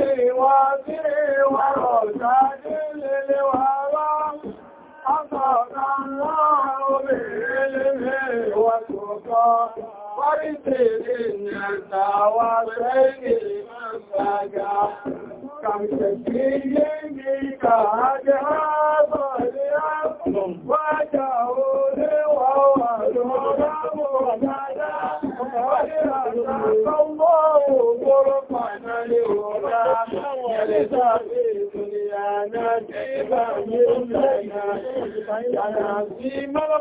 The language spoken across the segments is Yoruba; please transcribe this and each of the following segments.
لي وادي ورشادي للورى أصاب الله بعلمه وتقى ورسل النسى وسيد من سجى كم شكي بك هجر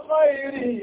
خير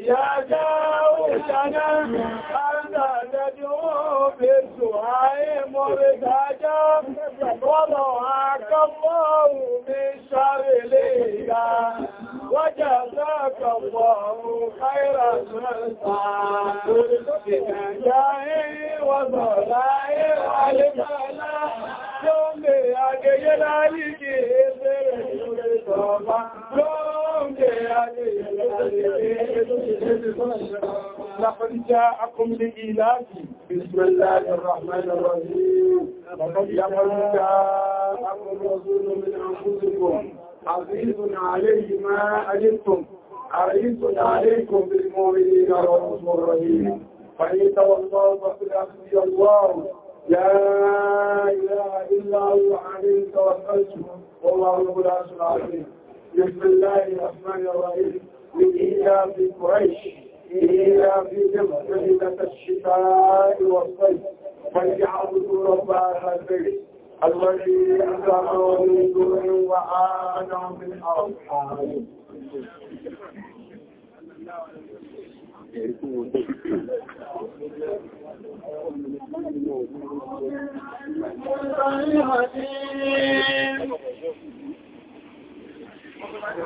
أجلتم أعلمتم عليكم بالمؤمنين رؤوس رحيم فإن تولوا فقل أخزي الله لا إله إلا هو عليه توكلت والله رب العرش العظيم بسم الله الرحمن الرحيم في قريش في جمع الشتاء والصيف فليعبدوا رب هذا البيت الذي أنزلوا من جوع وآمنوا من أرحام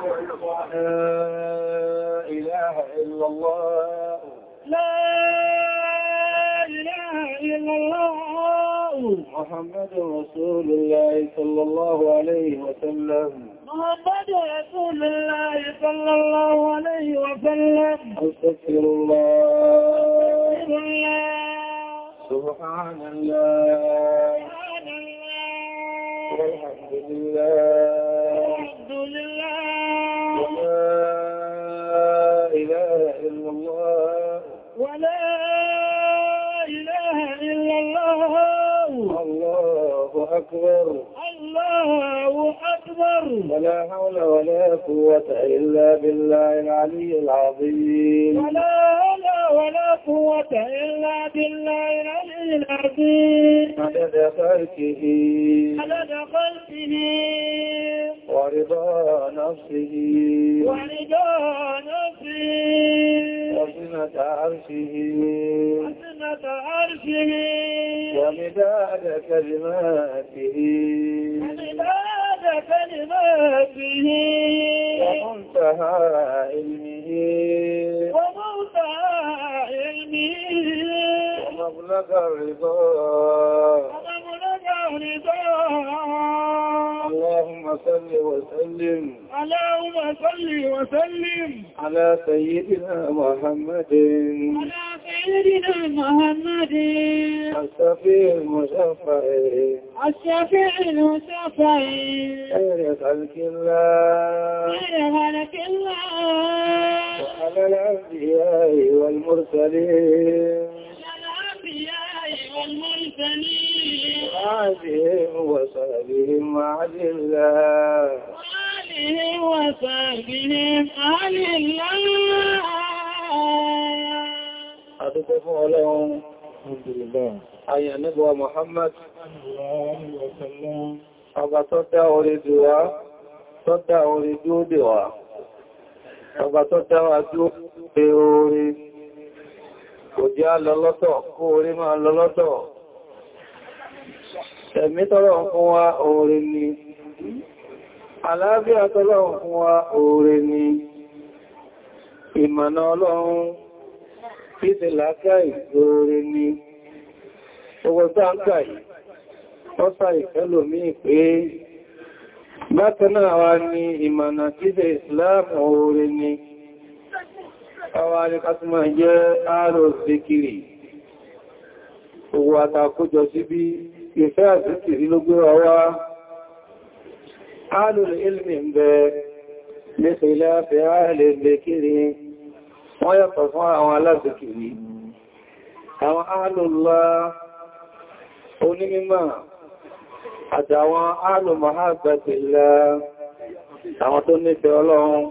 لا إله إلا الله لا محمد رسول الله صلى الله عليه وسلم محمد رسول الله صلى الله عليه وسلم أستغفر الله سبحان الله سبحان الله والحمد لله والحمد لله أكبر الله أكبر ولا حول ولا قوة إلا بالله العلي العظيم ولا لا ولا قوة إلا بالله العلي العظيم عدد خلقه عدد خلقه ورضا نفسه ورضا نفسه وزنة عرشه وزنة عرشه ومداد كلماته ومداد كلماته ومنتهى علمه ومنتهى علمه ومبلغ الرضا ومبلغ الرضا اللهم صل وسلم اللهم صل وسلم على سيدنا محمد على سيدنا محمد الشفيع المشفع الشفيع المشفع خير خلق الله خير خلق الله وعلى الأنبياء والمرسلين وعادهم وصحبهم وعد الله وعادهم وصحبهم عن الله أدوك فعلهم الحمد لله أي نبوة محمد الله وسلم أبا تدعو ردوا تدعو ردوا دوا ọba tó dáwà tí ó pé orí kò jẹ́ lọ́lọ́tọ̀ kó orí máa lọ́lọ́tọ̀ ẹ̀mí tọ́rọ fún wa orí ni àlàáfíà tọ́rọ fún wa orí ni ìmọ̀nà ọlọ́run títí làákàí orí ni owó tó ń kàí ọ́sà ìfẹ́lòmí pé bákanáà wa ni ìmọ̀nà kílẹ̀ Islam oore ni àwọn alẹ́kàtúmọ̀ jẹ́ ààrò owó àtàkójọ sí bí ìfẹ́ àsíkiri ló gbé ọwá ilmi ń bẹ lẹ́sẹ̀ ilẹ̀ afẹ́ ààrẹ wọ́n yàtọ̀ fún àwọn alásìkiri àwọn ààrò àtàwọn ààlù mahabbati ilẹ̀ àwọn tó nífẹ̀ẹ́ ọlọ́run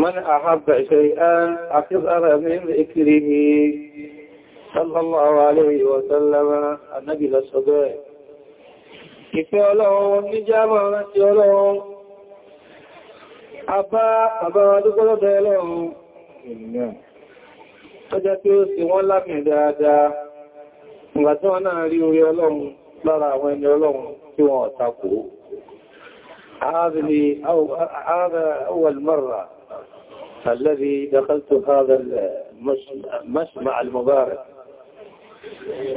man ahabba shay'an akthara min dhikrihi sallallahu alayhi wa sallam annabi lọ́sọ̀bẹ̀ ìfẹ́ ọlọ́run ní jámọ̀ rántí ọlọ́run abá àbára ó sì wọ́n lámì dáadáa ìgbà tí wọ́n náà rí orí ọlọ́run lára àwọn ẹni ọlọ́run tí wọ́n tako هذا أول مرة الذي دخلت هذا المسمع المبارك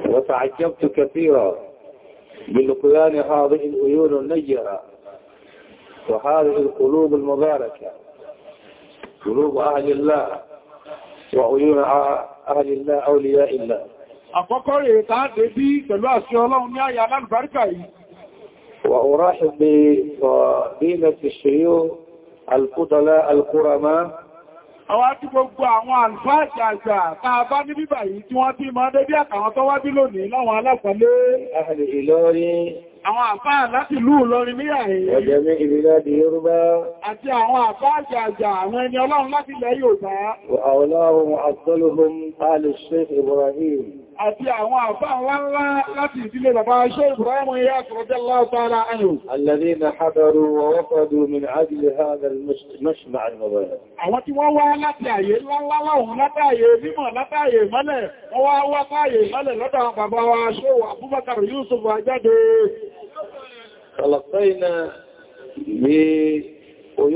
وتعجبت كثيرا من قيان هذه العيون النجرة وهذه القلوب المباركة قلوب أهل الله وعيون أهل الله أولياء الله àkọ́kọ́ rẹ̀ tàádé bí pẹ̀lú àṣẹ ọlọ́run ní àyà alábàríkà yìí وأرحب بفضيلة الشيوخ الفضلاء القرماء Àwọn àti gbogbo àwọn àlfáàtì àjà tàà bá ní bíbà yìí tí wọ́n ti máa dédé àtàwọn tó wá bí lónìí láwọn alápàálé. Àhàlì Ìlọrin. Àwọn àfáà láti ìlú Ìlọrin ní àyìn. Ọ̀jẹ̀mí àti àwọn àfáà ńláńlá láti ìdílé bàbá ṣe ìbúrámù ya ṣùgbọ́dẹ́ látara ayò. Alladhina hadaru wa wafadu min ajli hadha al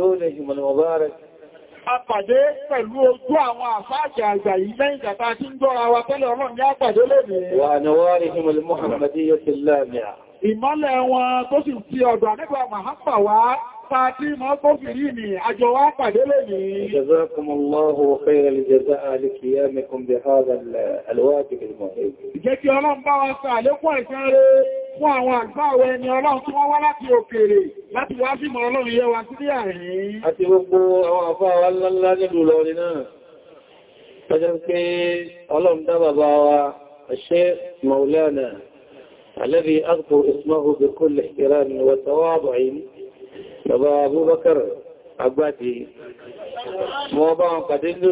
al-mubarak apàdé pẹ̀lú ojú àwọn àfáàkì àgbà yìí lẹ́yìn tàbí tí ń dọ́ra wa tẹ́lẹ̀ ọlọ́run ní àpàdé lónìí. Wà ní wárí himul Muhammadi yóò ti láàmìá. Ìmọ́lẹ̀ wọn tó sì fi ọ̀dọ̀ nígbà Mahapa wá pàtí mọ́ tó fi rí ní àjọ wá pàdé lónìí. Ìjẹ́ kí ọlọ́run fún àwọn àgbáwẹ̀ ẹni ọlọ́run tí wọ́n wá láti òkèèrè láti wá sí mọ̀ ọlọ́run yẹ wa sí àárín àti gbogbo àwọn àfá wa ńlá nílùú lọrin náà tọ́jọ́ pé ọlọ́run dá wa الشيخ مولانا الذي أذكر اسمه بكل احترام وتواضع بابا أبو بكر عبادي موضع قدل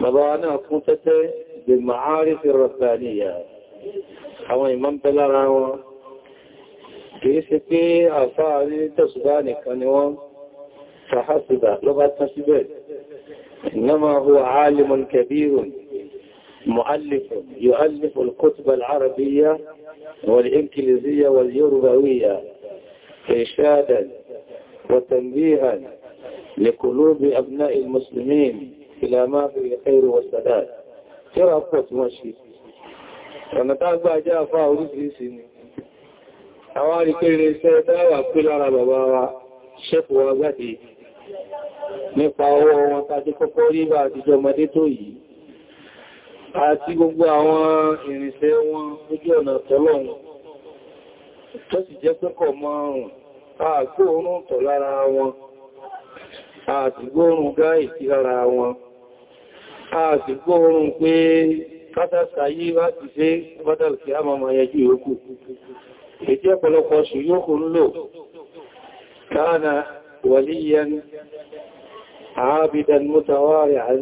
فضانا قوتة بالمعارف الرفانية حوالي من بلغا هو في سكي أصار تصداني كانوان فحسب لغة تصبيت إنما هو عالم كبير مؤلف يؤلف الكتب العربية والإنكليزية واليوروبوية إرشادا وتنبيها لقلوب أبناء المسلمين إلى ما هو خير والسداد ترى أبقى تمشي ọ̀nà tá gbà jẹ́ àfá orísìírísìí ni àwọn àríkèrè iṣẹ́ dáwà pé lára bàbá wa ṣẹ́pù wa gbáde nípa ọwọ́ wọn tàbí kọ́kọ́ rí bá àtijọ́ ọmọdé tó yìí àti gbogbo àwọn ìrìnṣẹ́ wọn ojú ọ̀nà tọ́lọ́run tó sì jẹ́ pẹ́kọ̀ márùn-ún àgbóòrùn tọ̀ lára wọn àti gbóòrùn gáì sí lára wọn àsìkò oòrùn pé kátàkà yìí bá ti ṣe bátàkì a máa yẹjú ìrókù ètí ọ̀pọ̀lọpọ̀ ṣù yóò kò ń lò káàna waliyan عابدا متوارعا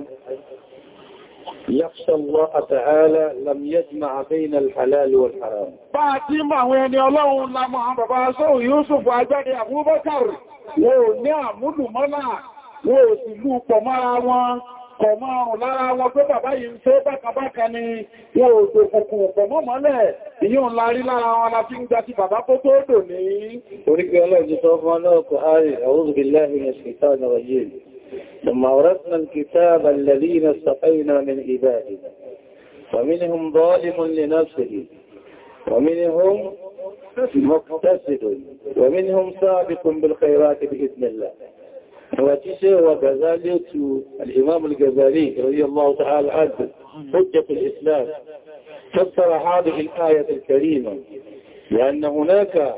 يخشى الله تعالى لم يجمع بين الحلال والحرام فاطمة وين يلون لما بابا سو يوسف اجاري ابو بكر wọ́n ní àmúlùmọ́lá wọ́n sì lú pọ̀ mọ́ra wọn kọ̀ máa rùn lára wọn pé bàbá yìí ń ṣe bákabáka ni wọn ò tó kùnkùn ọ̀pọ̀ mọ́ mọ́lẹ̀ ìyí ń larí lára wọn la fi ń gba ti bàbá kó tó dò ní oríkẹ́ ọlọ́ọ̀dí sọ fún ọlọ́ọ̀kọ̀ ààrẹ a'udhu billahi minash ومنهم مقتصد ومنهم سابق بالخيرات بإذن الله رواتيسه وكذلك الإمام الجزالي رضي الله تعالى عنه حجة الإسلام فسر هذه الآية الكريمة لأن هناك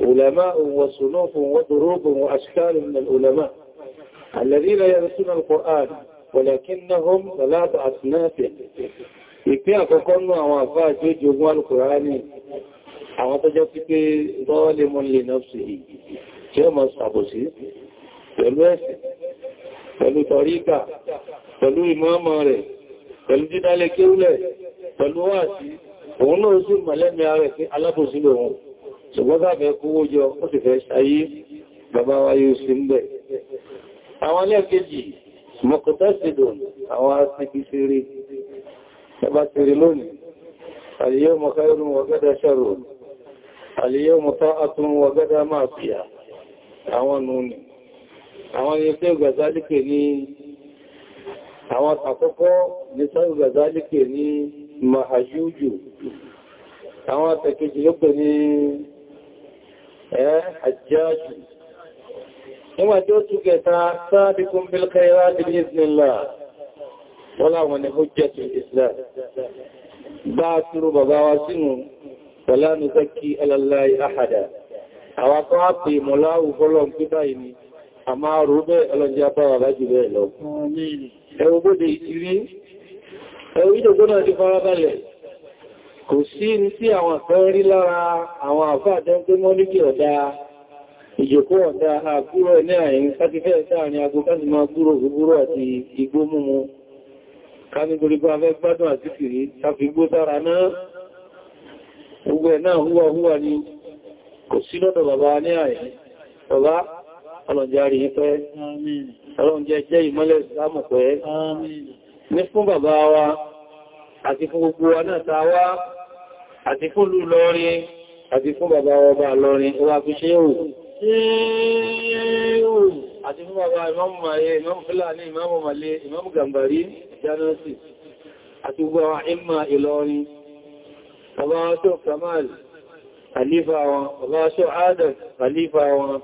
علماء وصنوف وضروب وأشكال من العلماء الذين يرسون القرآن ولكنهم ثلاث أصناف ìpín àkọ́kọ́ ní àwọn القرآن àti ojú ogun ظالم لنفسه tó jẹ́ sí pẹ̀lú ẹ̀sìn pẹ̀lú tọ̀ríkà pẹ̀lú ìmọ́ọ̀mọ̀ rẹ̀ pẹ̀lú dídálẹ̀ kéúlẹ̀ pẹ̀lú wáàsí òun náà sí mọ̀lẹ́mí ààrẹ sí alábòsílẹ̀ òun ṣùgbọ́n bàbẹ̀ kówó jọ ó sì fẹ́ ṣayé bàbá wa yóò sí ń bẹ̀ àwọn ẹlẹ́ẹ̀kejì mọ̀kọ̀tẹ́sìdò àwọn asìkìsìrì ẹbá sìrì máa fìyà àwọn nù ni àwọn ẹgbẹ́ gbàzálìkè ní àwọn àkọ́kọ́ ní sáré gbàzálìkè ní mahajújù àwọn àtẹ̀kejì ló pè ní ẹ́ àjájù nígbà tí ó tún kẹta sáàbíkún bílkẹ́rá ti ní ìsinilá wọ́n láwọn ni hujjatu islam bá a máa rò bẹ́ẹ̀ ọlọ́dí apáwà bá jù bẹ́ẹ̀ lọ. ẹwọ bóde ìtìrí ẹwọ ìdògbó náà ti farabalẹ̀ kò sí ní sí àwọn àfẹ́ rí lára àwọn àfáà tẹ́ pé mọ́líkì ọ̀dá ìjòkó ọ̀dá àgbúrò ní àyìn sákífẹ́ sáàrin agbó káàkiri máa gbúrò gbúrò àti igbó múmu kánígbórígbó afẹ́ gbádùn àti fìrí sáfigbó sára náà gbogbo ẹ̀ náà húwa húwa ni kò sí lọ́dọ̀ bàbá ní àyìn bàbá ọlọ́njẹ́ ìpẹ́ ọlọ́njẹ́ jẹ́ ìmọ́lẹ̀ ìsìlámù pẹ́ ní fún bàbá wa àti fún gbogbo wa náà ta wá àti fún lú lọ́rin àti fún bàbá wa bá lọ́rin wá fi ṣe ò àti fún bàbá ìmọ́mù ayé ìmọ́mù fúlàní ìmọ́mù malé àwọn ìmọ̀ wa tó kamal khalifa wọn bàbá wa tó adam khalifa wọn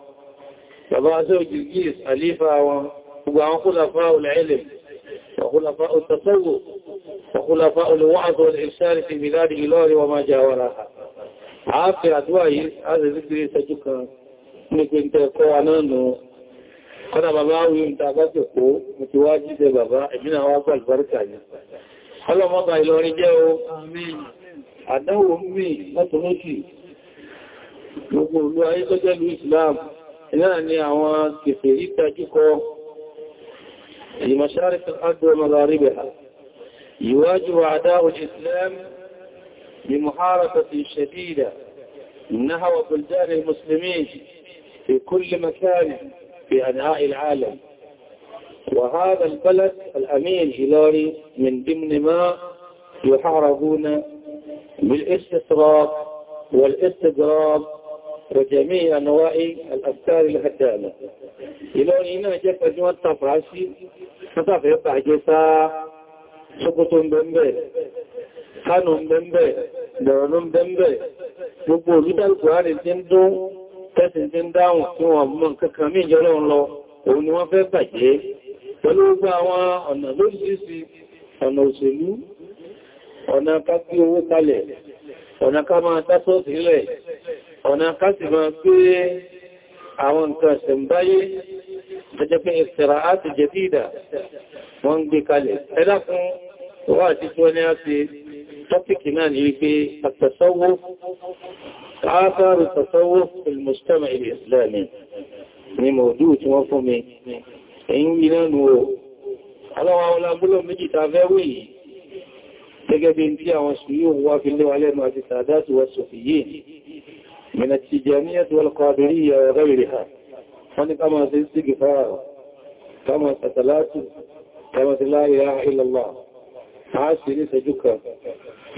bàbá Zawji Gis àlífà wọn gbogbo àwọn kúlàfà al-ilm wàkúlàfà al-tasawwuf wàkúlàfà al-wa'd wal-irshad fi bilad Ilorin wa ma jawaraha àáfẹ́ àdúwà yìí azẹ̀lẹ́gbẹ̀rẹ̀ ìṣẹ́jú kan ní gbogbo olú ayé tó jẹ́ lu Islam náà ni àwọn kèfè ìtajúkọ المشارق الأرض ومغاربها يواجه أعداء الإسلام بمحاربة شديدة نهو بلدان المسلمين في كل مكان في أنحاء العالم وهذا البلد الأمين هلالي من ضمن ما يحاربون بالاستطراب والاستضراب وجميع أنواع الأفكار الهدامة إلون إنا جاك أجوى التفراشي فتاف يبقى جيسا سقط بمبه خان بمبه درن بمبه gbogbo olúdá alkùnrin tí ń dún tẹ́sì tí ń dáhùn tí wọ́n mọ́ kankan mí ìjọlọ́ lọ òun ni wọ́n fẹ́ bàjẹ́ pẹ̀lú gbogbo àwọn ọ̀nà lóríṣìíṣìí ọ̀nà òṣèlú ọ̀nà ká gbé owó kalẹ̀ ọ̀nà ká máa tásọ́ sílẹ̀ ọ̀nà kásìmọ̀ pé àwọn nǹkan ṣẹ̀mbáyé tẹ́jẹ́ pé ìṣẹ̀rà áti jẹ̀dídà wọ́n ń gbé kalẹ̀ ẹ̀dàkùn wà sí tí wọ́n ní á ti tọ́pìkì náà ní wípé at-tasawwuf آثار التصوف في المجتمع الإسلامي ni mọ̀dúù tí wọ́n fún mi èyí iná nù o aláwọ̀ gẹ́gẹ́ bí tí àwọn sùúrù wá fi léwà lẹ́nu àti sàdátù wọ́n sọ̀fì yìí من التجانية والقادرية وغيرها فأنت كما سيستغفار كما ستلات كما لا إله إلا الله عاشري سجوكا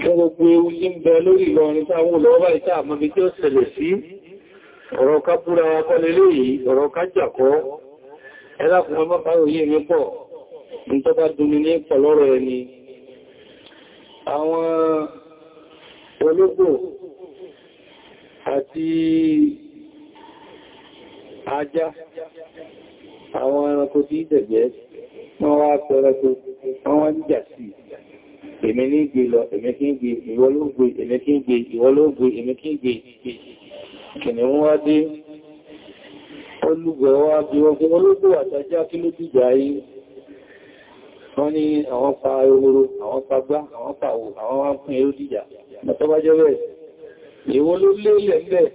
gbogbo ewu yí ń bẹ lórí Ìlọrin táwọn olóòwà ìta àmọ́bí tí ó ṣẹlẹ̀ sí ọ̀rọ̀ ká búra akọ́lélé yìí ọ̀rọ̀ ká jàkọ́ ẹlákùn ọmọ pàrò yìí mi pọ̀ ní tó bá dúnni ní pọ̀lọ́rọ̀ ẹni àwọn ológbò àti ajá àwọn ẹranko tí ìdẹ̀gbẹ́ wọ́n wá pẹ̀rẹ́kò wọ́n wá jà sí èmi ní gbé lọ èmi kí ń gbé ìwọ ló gbé èmi kí ń gbé ìwọ ló gbé èmi kí ń gbé kìnnìún wá dé olùgbọ̀ wá bí ọgbọ́n olóògbò àtàjá kí ló dìjà yìí wọ́n ní àwọn pa ehoro àwọn pa gbá àwọn pa àwọn wá fún eré dìjà mọ́tọ́bájọ́ bẹ́ẹ̀ ìwọ ló lélẹ̀ lẹ́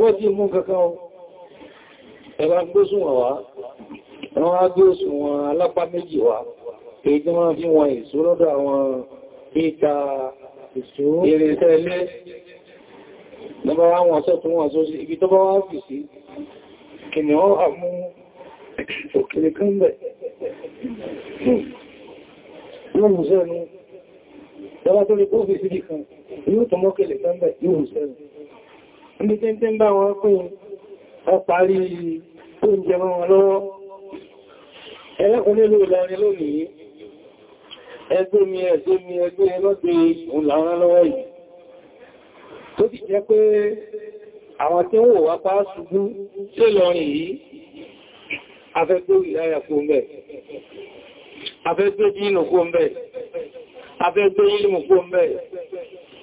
wọ́n tí mú kankan ẹwà gbóṣùn wà wọ́n á gbóṣùn wọn alápá méjì wà èyí tí wọ́n fi wọn èso lọ́dọ̀ àwọn ìta irinṣẹ́ ilé lọ́bá wá wọn sọ tún wọn sọ sí ibi tó bá wá yóò tó mọ́kẹ̀lẹ̀ sẹ́mbẹ̀ yóò sẹ́rẹ̀. Ibi tí ń tí ń bá wọn pín ọparí oúnjẹ wọn lọ́wọ́. Ẹlẹ́kùnlélò ìlọrin lónìí, ẹgbẹ́ mi ẹgbẹ́ mi ẹgbẹ́ ẹlọ́gbẹ́ ìlànà lọ́wọ́ yìí. Tó ti jẹ́ pé àwọn tí wọ́n wá pa ṣubú tí lọrin yìí, afẹ́gbẹ́ ìlàyà fún bẹ̀. Afẹ́gbẹ́ dínù fún bẹ̀. Afẹ́gbẹ́ ìlú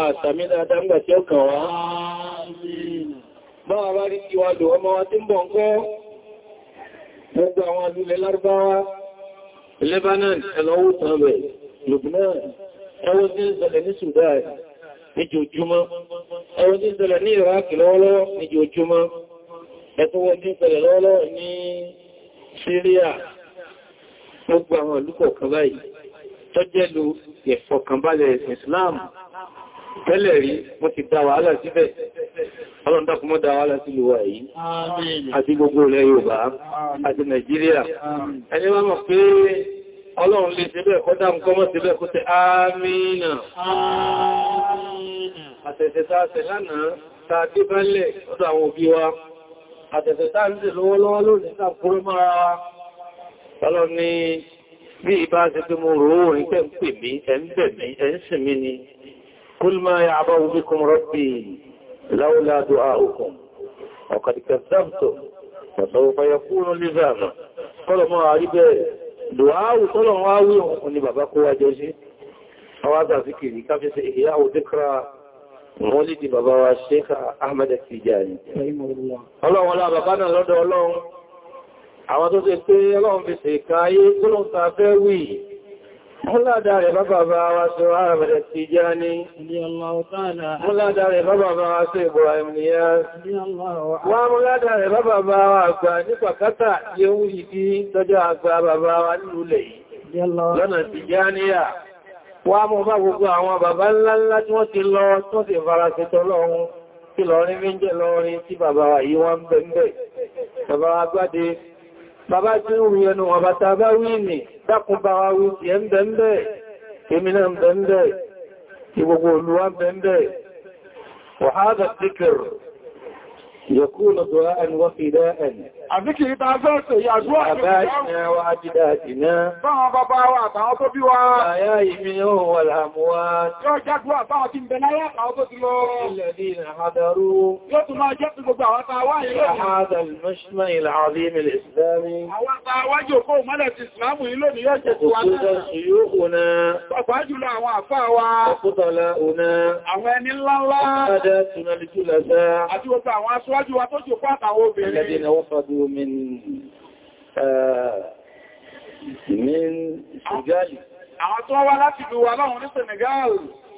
àṣàmì dáadáa ń gbà tí ó kàn wá bá wá rí kí wá lò ọmọ wa tí ń bọ̀ ń kọ́ gbogbo àwọn alúlẹ̀ lárúbáwá Lebanon ẹlọ́wọ́ tàbẹ̀ Lubnan ẹwọ́ tí ń ṣẹlẹ̀ ní Sudan níjòjúmọ́ ẹwọ́ tí ń ṣẹlẹ̀ ní Iraq lọ́wọ́lọ́wọ́ Syria gbogbo àwọn ìlú kọ̀ọ̀kan báyìí tọ́jẹ́lu ìfọ̀kànbalẹ̀ Islam tẹ́lẹ̀ rí mo ti dá wàhálà síbẹ̀ ọlọ́ndọ́kùnmọ́ dá wàhálà sí lùwà yìí àti gbogbo ilẹ̀ Yorùbá àti Nàìjíríà ẹni wá mọ̀ pé Ọlọ́run lè ṣe bẹ́ẹ̀ kọ́dá nǹkan mọ́ sí bẹ́ẹ̀ kó tẹ àmìnà àtẹ̀sẹ̀ tá a ṣẹ̀ lánàá tá a dé bálẹ̀ ọ̀dọ̀ àwọn òbí wa àtẹ̀sẹ̀ ń ṣe lọ́wọ́lọ́wọ́ lónìí tá mọ́ra ni bí ìbá ṣe pé mo rò ó ń tẹ́ قل ما يعبأ بكم ربي لولا دعاؤكم وقد كذبتم وسوف يكون لزاما قال ما عربه دعاء قال ما عربه أني بابا قوة جوزي هذا ذكري كافي سإحياء ذكرى مولد بابا والشيخ أحمد التجاني الله ولا بابانا لدى الله àwọn tó ṣe pé ọlọ́run fi ṣe káyé tó lóun ta fẹ́ wíì Múládàrẹ̀ bàbà bá wá sí ara bẹ̀rẹ̀ ti já ní, múládàrẹ̀ bàbà bá wá sí Ibrahim Niyá, wá múládàrẹ̀ bàbà bá wá àgbà ní pàkátà yóò yìí tọ́jọ́ àgbà bàbá wá nílùlẹ̀ yìí, lọ́nà ti já níyà wá mọ́ bá gbogbo àwọn bàbá ńláńlá tí wọ́n ti lọ tó ti fara sí tọ́lọ́run tí lọ rí méjì lọ rí tí bàbá tí ó yẹnu ọba tàbá wí nì dákùn bá wa wí sí ẹn bẹ̀m̀bẹ̀ kèmínà bẹ̀m̀bẹ̀ kí gbogbo olúwa bẹ̀m̀bẹ̀ wàhádà tíkẹ̀rù àbíkì ìta fẹ́ẹ̀sẹ̀ ìyàdúwà Báwọn bàbá wa àtàwọn tó bí wa. Àyá ìmí ó wà láàmúwá. Yóò jágbó àtàwọn tí ń bẹ láyé àtàwọn tó ti lọ. Ilẹ̀ dí ìrìn àdárú. Yóò tún máa jẹ́ tí gbogbo àwọn tàwà yìí lónìí. Àhádà ìmọ̀ṣmọ̀ ìlà àdím ilẹ̀ ìsìlámi. Àwọn tàwà jò kó mọ́lẹ̀ ti ìsìlámù yìí lónìí yóò jẹ́ tiwa náà. Òkúta ṣùyókùnà. Pàpàá jùlọ àwọn àfáà wa. Òkúta lẹ́hùnà. Àwọn ẹni ńláńlá. Àkádà túnmọ̀ من من سجال àwọn tó wá láti bí wà láwọn ní Senegal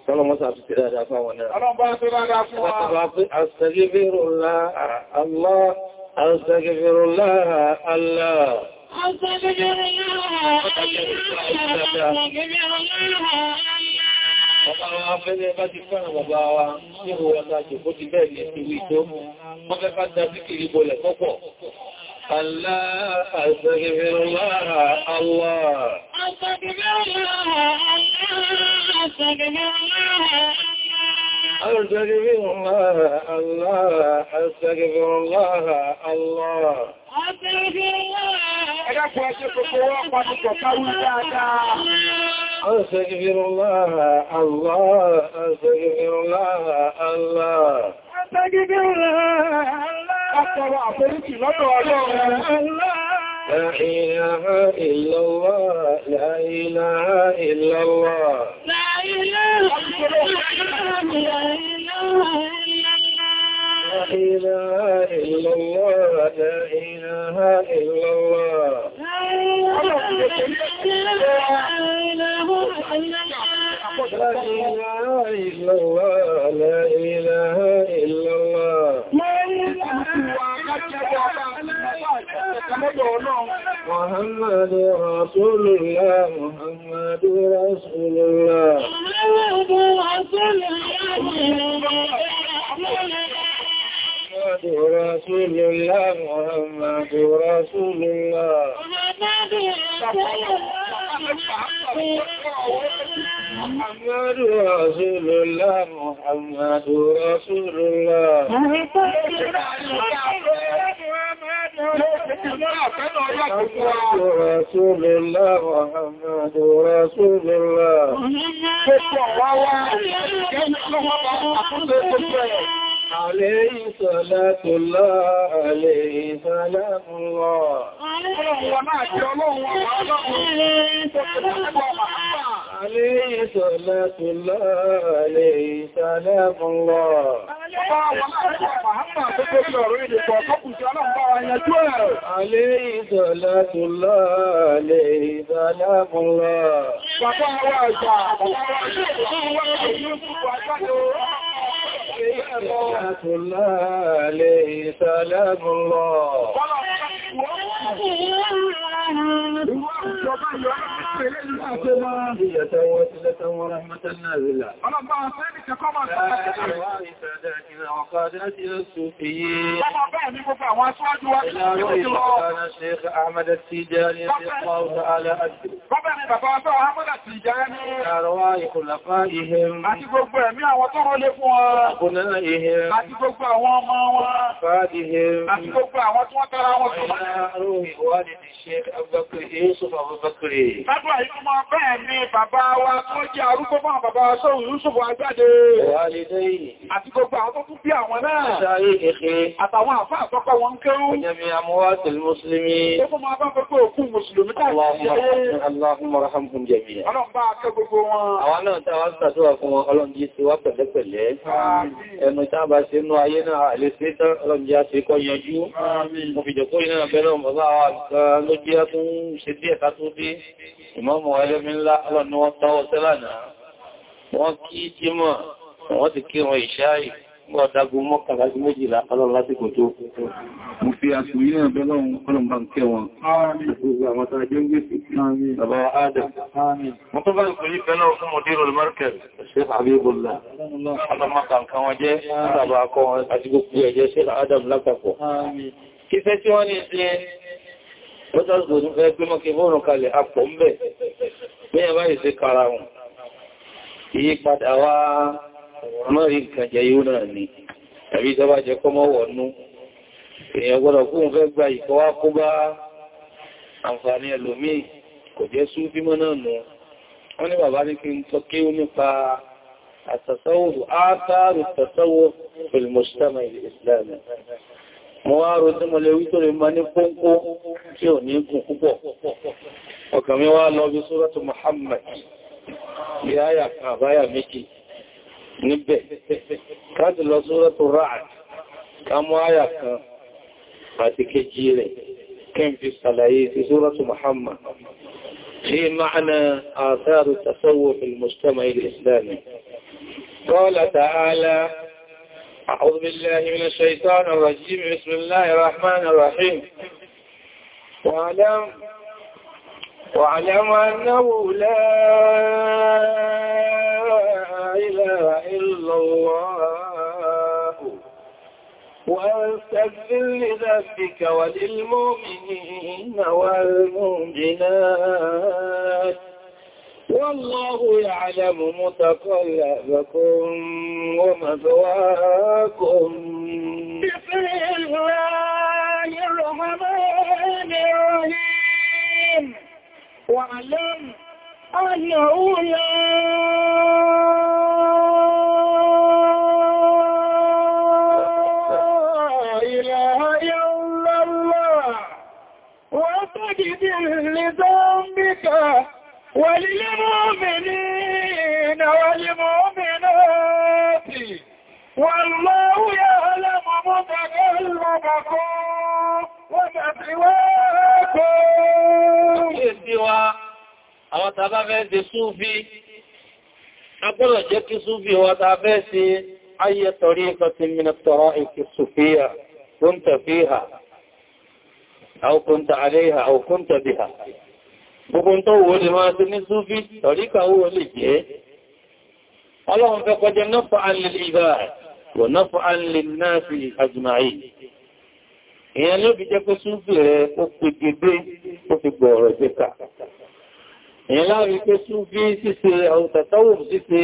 Ọlọ́run sàbí ti dáadáa fáwọn náà. Ọlọ́run bá dáadáa fún wa. Wọ́n tàbí pé astaghfirullah Allah, astaghfirullah Allah. Astaghfirullah Allah, astaghfirullah Allah. Ọba àwọn afẹ́lẹ́ bá ti fẹ́ràn bàbá wa ní ìwòrán àjò bó ti bẹ́ẹ̀ ní ìwé tó, wọ́n fẹ́ bá dá sí kìrì bolẹ̀ pọ́pọ̀. Allah, Astaghfirullah, Allah. Astaghfirullah, Allah, Astaghfirullah. أستغفر الله الله أستغفر الله الله dákun ẹjẹ́ gbogbo wọ́n pàtàkọ̀ káwí dáadáa. Astaghfirullah, Allah, astaghfirullah, Allah. Astaghfirullah, Allah. Ọkọ̀rọ̀ àforíkì lọ́dọ̀ ọlọ́run. Allah. La ilaha illallah, la ilaha illallah. La ilaha illallah, la ilaha illallah. إله إلا الله لا إله إلا الله لا إله إلا الله لا إله إلا الله محمد رسول الله محمد رسول الله محمد رسول الله محمد رسول الله محمد رسول الله محمد رسول الله محمد رسول الله رسول الله محمد رسول الله عليه صلاة الله عليه سلام الله عليه صلاة الله عليه سلام الله عليه صلاة الله عليه سلام الله Bàbá wa àgbà, bàbá wa àgbà, bàbá wa àgbà, Ìyàtùlá lè sàlẹ́bùn lọ. Bọ́bẹ̀ ni bàbá ọjọ́ Ahmadu Tijani. Àrọwà ìkùnlẹ̀fà ìhẹ̀m. Àti gbogbo ẹ̀mí àwọn tó rọ́lé fún ọ. Àkùnlẹ̀ ìhẹ̀m. Àti gbogbo àwọn ọmọ wọn. Fà ìhẹ̀m. Àti gbogbo àwọn tí wọ́n tara wọn tó. Àrùn ìwádìí ti ṣe Abubakar Yusuf Abubakar. Fábúwà yóò mọ ni bàbá wa tó jẹ́ arúgbó fún bàbá wa sọ́rọ̀ Yusuf Agbáde. Àti gbogbo àwọn tó kú bí àwọn náà. Àṣàrí ẹ̀kẹ́. Àtàwọn àfá àkọ́kọ́ wọn ń kéwú. Ọjọ́mí amúwá tẹ̀lú Mùsùlùmí. Ó fún ma bá gbogbo òkú Mùsùlùmí káàkiri. Allahumma rahamhum jami'an. Ọlọ́run bá akẹ́ gbogbo wọn. Àwọn náà tàwọn ṣàdúrà fún wọn, ọlọ́run jí sí wá pẹ̀lẹ́pẹ̀lẹ́. Ẹnu tábà sí inú ayé náà àlè sí tán, ọlọ́run sí kọ́ yanjú. Mo fi jẹ̀kó iná bẹ́rẹ̀ mọ̀ bá tún ṣe díẹ̀ ká tó dé ìmọ́mù ẹlẹ́mí ńlá ọlọ́ni wọ́n tọ́wọ́ sẹ́lànà wọ́n kí jímọ̀ wọ́n ti kí wọn ìṣáì gbọ́dágún mọ́kànlájú méjìlá ọlọ́run lásìkò tó mo fi àsìkò yìí náà bẹ́lọ́run ọlọ́run bá ń kẹ́ wọn gbogbo àwọn tàà jẹ́ ń gbèsè bàbá adam mo tó bá ìkòrí bẹ́lọ́ fún mọ̀dírò markel ṣe àbíbọ̀lá alamọ́kànkan wọn adam lápapọ̀ kí fẹ́ tí wọ́n ní ṣe lọ́sàgbò ní fẹ́ gbé mọ́kí fóòrùn kalẹ̀ apọ̀ ń bẹ̀ ní ẹ̀bá ìṣẹ́ kara wọn iye padà wá mọ́rin nǹkan jẹ yóò náà ni tàbí ìjọba jẹ kọ́ mọ́wọ̀nú èèyàn gbọ́dọ̀ fóòrùn fẹ́ gba ìkọwá kó bá mo wá ro tí mo lè wí tó lè máa ní kóńkó tí ò ní gùn púpọ̀ ọkàn mi wá lọ bí Suratu Muhammad bí áyà kan àbáyà méjì níbẹ̀ láti lọ Suratu Ra'd ká mú áyà kan àti kejì rẹ̀ kí n fi sàlàyé sí Suratu Muhammad في معنى آثار التصوف في المجتمع الإسلامي قال تعالى أعوذ بالله من الشيطان الرجيم بسم الله الرحمن الرحيم واعلم واعلم أنه لا إله إلا الله واستغفر لذنبك وللمؤمنين والمؤمنات والله يعلم متقلبكم ومثواكم بسم الله الرحمن الرحيم واعلم أنه لا إله إلا الله وتجد لذنبك وللمؤمنين والمؤمنات والله يعلم متقلبكم ومثواكم يسوى او تبغيز صوفي اقول جك صوفي وتبغيز اي طريقة من الطرائق الصوفية كنت فيها او كنت عليها او كنت بها gbogbo tó wò lè máa ṣe ní súfí tọ̀ríkà owó lè jẹ́ ọlọ́run fẹ́ kọjẹ nọ́fà alìlìbà wọ̀ nọ́fà alìlìnáàfi àjùmáyì èèyàn ló fi jẹ́ pé súfí rẹ̀ ó fi gẹ́gbé ó fi gbọ̀ọ̀rọ̀ jẹ́ka èèyàn láàrí pé súfí ṣíṣe àwùtàtàwò ṣíṣe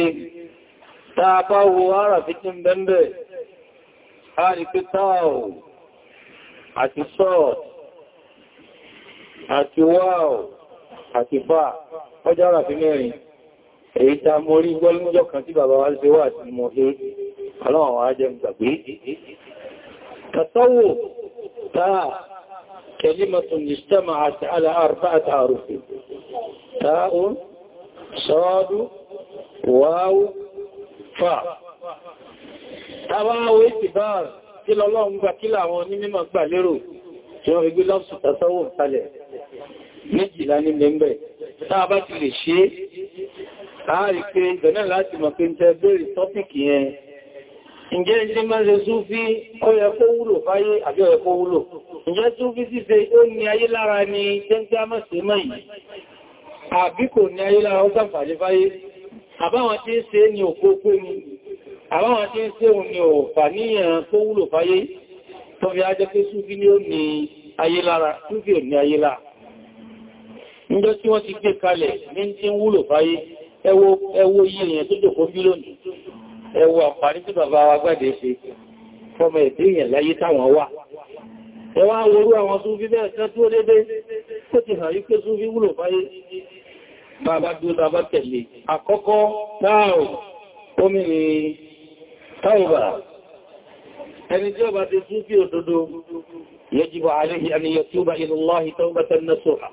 tààbá wo ara fi tí àti sọ́ọ̀tì àti fà ọjọ́ ara fi mẹ́rin èyí ta mo rí gbọ́lújọ́ kan tí bàbá wa ṣe wà tí mo ṣe ọlọ́run wa jẹ́ gbàgbé tàtọ́wò táà kẹlímatun ìṣẹ́mà àti aláàrùfà àtàrùfì táàun sọ́ọ́dú wáwú fà tàbáwé ti báà kí lọ́lọ́run gbà kí làwọn tí wọ́n fi gbé lọ́pù tàtọ́wò kalẹ̀ méjìlá ní lẹ́m̀bẹ̀ táa bá ti lè ṣe láàrí pé ìgbẹ̀nà láti mọ̀ pé ń tẹ́ bèèrè tọ́pìkì yẹn ǹjẹ́ ìjẹ́ máa ṣe súfí ó yẹ kó wúlò fáyé àbí ó kó wúlò ǹjẹ́ súfí ṣíṣe ó ní ayé lára ni tẹ́ntẹ́ á mọ́sí mẹ́yìn àbí kò ní ayé lára ó sàǹfààní fáyé àbáwọn tí ń ni àbáwọn tí ń ṣe ni ò fàníyàn ajẹ́ pé súfí ni ó ní ayé lára súfí ò ní ayé lára níjọ́ tí wọ́n ti gbé kalẹ̀ ní tí ń wúlò fáyé ẹwọ ẹwọ yìí èèyàn tó jòkó bí lónìí ẹwọ àǹfààní tí bàbá wa gbàdé ṣe fọmọ ẹ̀dẹ́ èèyàn láyé táwọn wà ẹwà orú àwọn súnfí bẹ́ẹ̀ tẹ́ tó dédé tó ti hàn yí pé súnfí wúlò fáyé bàbá bí ó tàbá tẹ̀lé àkọ́kọ́ táàrù omi ni táwùbà ẹni tí ọba ti súnfí òdodo yẹjìbọ̀ àlẹ́yìn àníyàn tí ó bá ilẹ̀ Allah tawbatan nasuha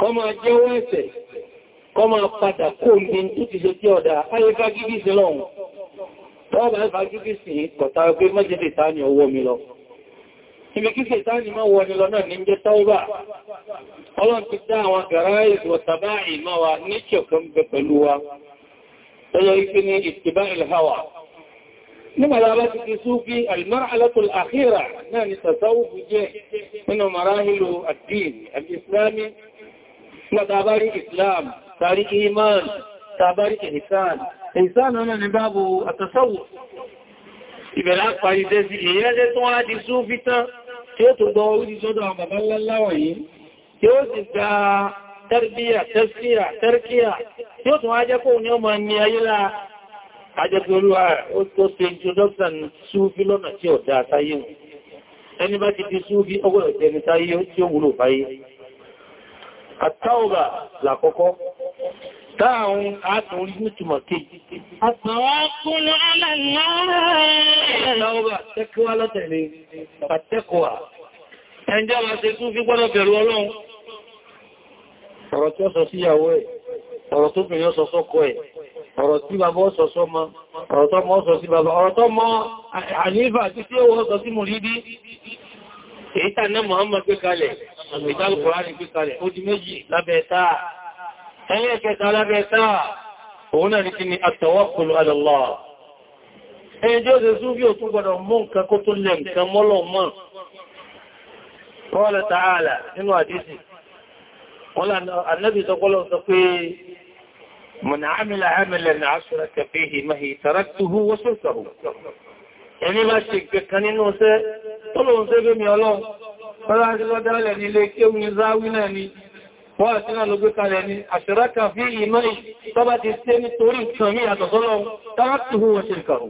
kọ́ máa jẹ́wọ́ ẹ̀ṣẹ̀ kọ́ máa padà kó ní tó ti ṣe tí ọ̀dá ayé fagídí sí lọ́hun tọ́ọ̀bá fagídí sí kọ̀tà pé mọ́jẹ́ lè tá ní ọwọ́ mi lọ ibi kí sẹ̀tánì máa wọ ni lọ náà ní jẹ́ tọ́ọ̀bá ọlọ́n ti dá àwọn gàrá nígbàlá bá ti ti súfí almar'alatul akhira náà ni tasawuf jẹ́ nínú marahilu ad-din al-islami Nígbà tàbárí Islam, tàrí Iman, tàbárí Ihsan. Ihsan náà ni báàbù àtàsáwò. Ìbẹ̀lá parí tẹ́sí ìyẹ́lẹ́ tó wá di súnfí tán tí ó tó gbọ́ orí sọ́dọ̀ àwọn bàbá láláwọ̀ yìí, tí ó sì gba tẹ́rbíyà, tẹ́síyà, tẹ́rkíyà, tí ó tún wá jẹ́ kó ní ọmọ ní ayélá ajẹ́gbẹ̀rúwà ó tó ṣe introduction súnfí lọ́nà tí ọ̀dá sáyé àtàwà làkọ́kọ́ táàrùn àtàrí nítùmọ̀ kejì àtàwà kúnnú aláàrẹ̀ ọ̀rọ̀ tí ó sọ síyàwó ẹ̀ ọ̀rọ̀ tó bìnrin sọ sọ́kọ ẹ̀ ọ̀rọ̀ tí bàbá sọ sọ́mọ ọ̀rọ̀ tó mọ́ sọ sí bàbá ọ̀rọ̀ tó mọ́ àníbà tí tí ó wọ́ sọ sí mùrídí èyí tà náà Muhammad gbé kalẹ̀ ìtàlù kòránì píkalẹ̀ ó di méjì lábẹ́ táà ẹ̀yẹ́ kẹta lábẹ́ táà òun náà ní kí ni àtàwọ́kùnlù alàlá ẹni jẹ́ òṣèṣú bí ò tún gbọdọ̀ mú nǹkan kó tó lẹ nǹkan mọ́lọ̀ mọ́ qala ta'ala nínú àdísì wọ́n lànà annabi sọpọ́lọ́ sọ pé man 'amila 'amalan ashraka fihi ma'i taraktuhu wa sultahu ẹni bá ṣe kan nínú iṣẹ́ tó lóun ṣe bí mi ọlọ́run Fọ́lájú lọ dálẹ̀ ní ilé kí omi záwí náà ni, wọ́n àti náà ló gbé kalẹ̀ ni, àṣírá kan fi ìmọ́ ìtọ́bá ti ṣe nítorí nǹkan mí àtọ̀sọ́lọ́ tààtùhù wọ́n ṣe kàrù.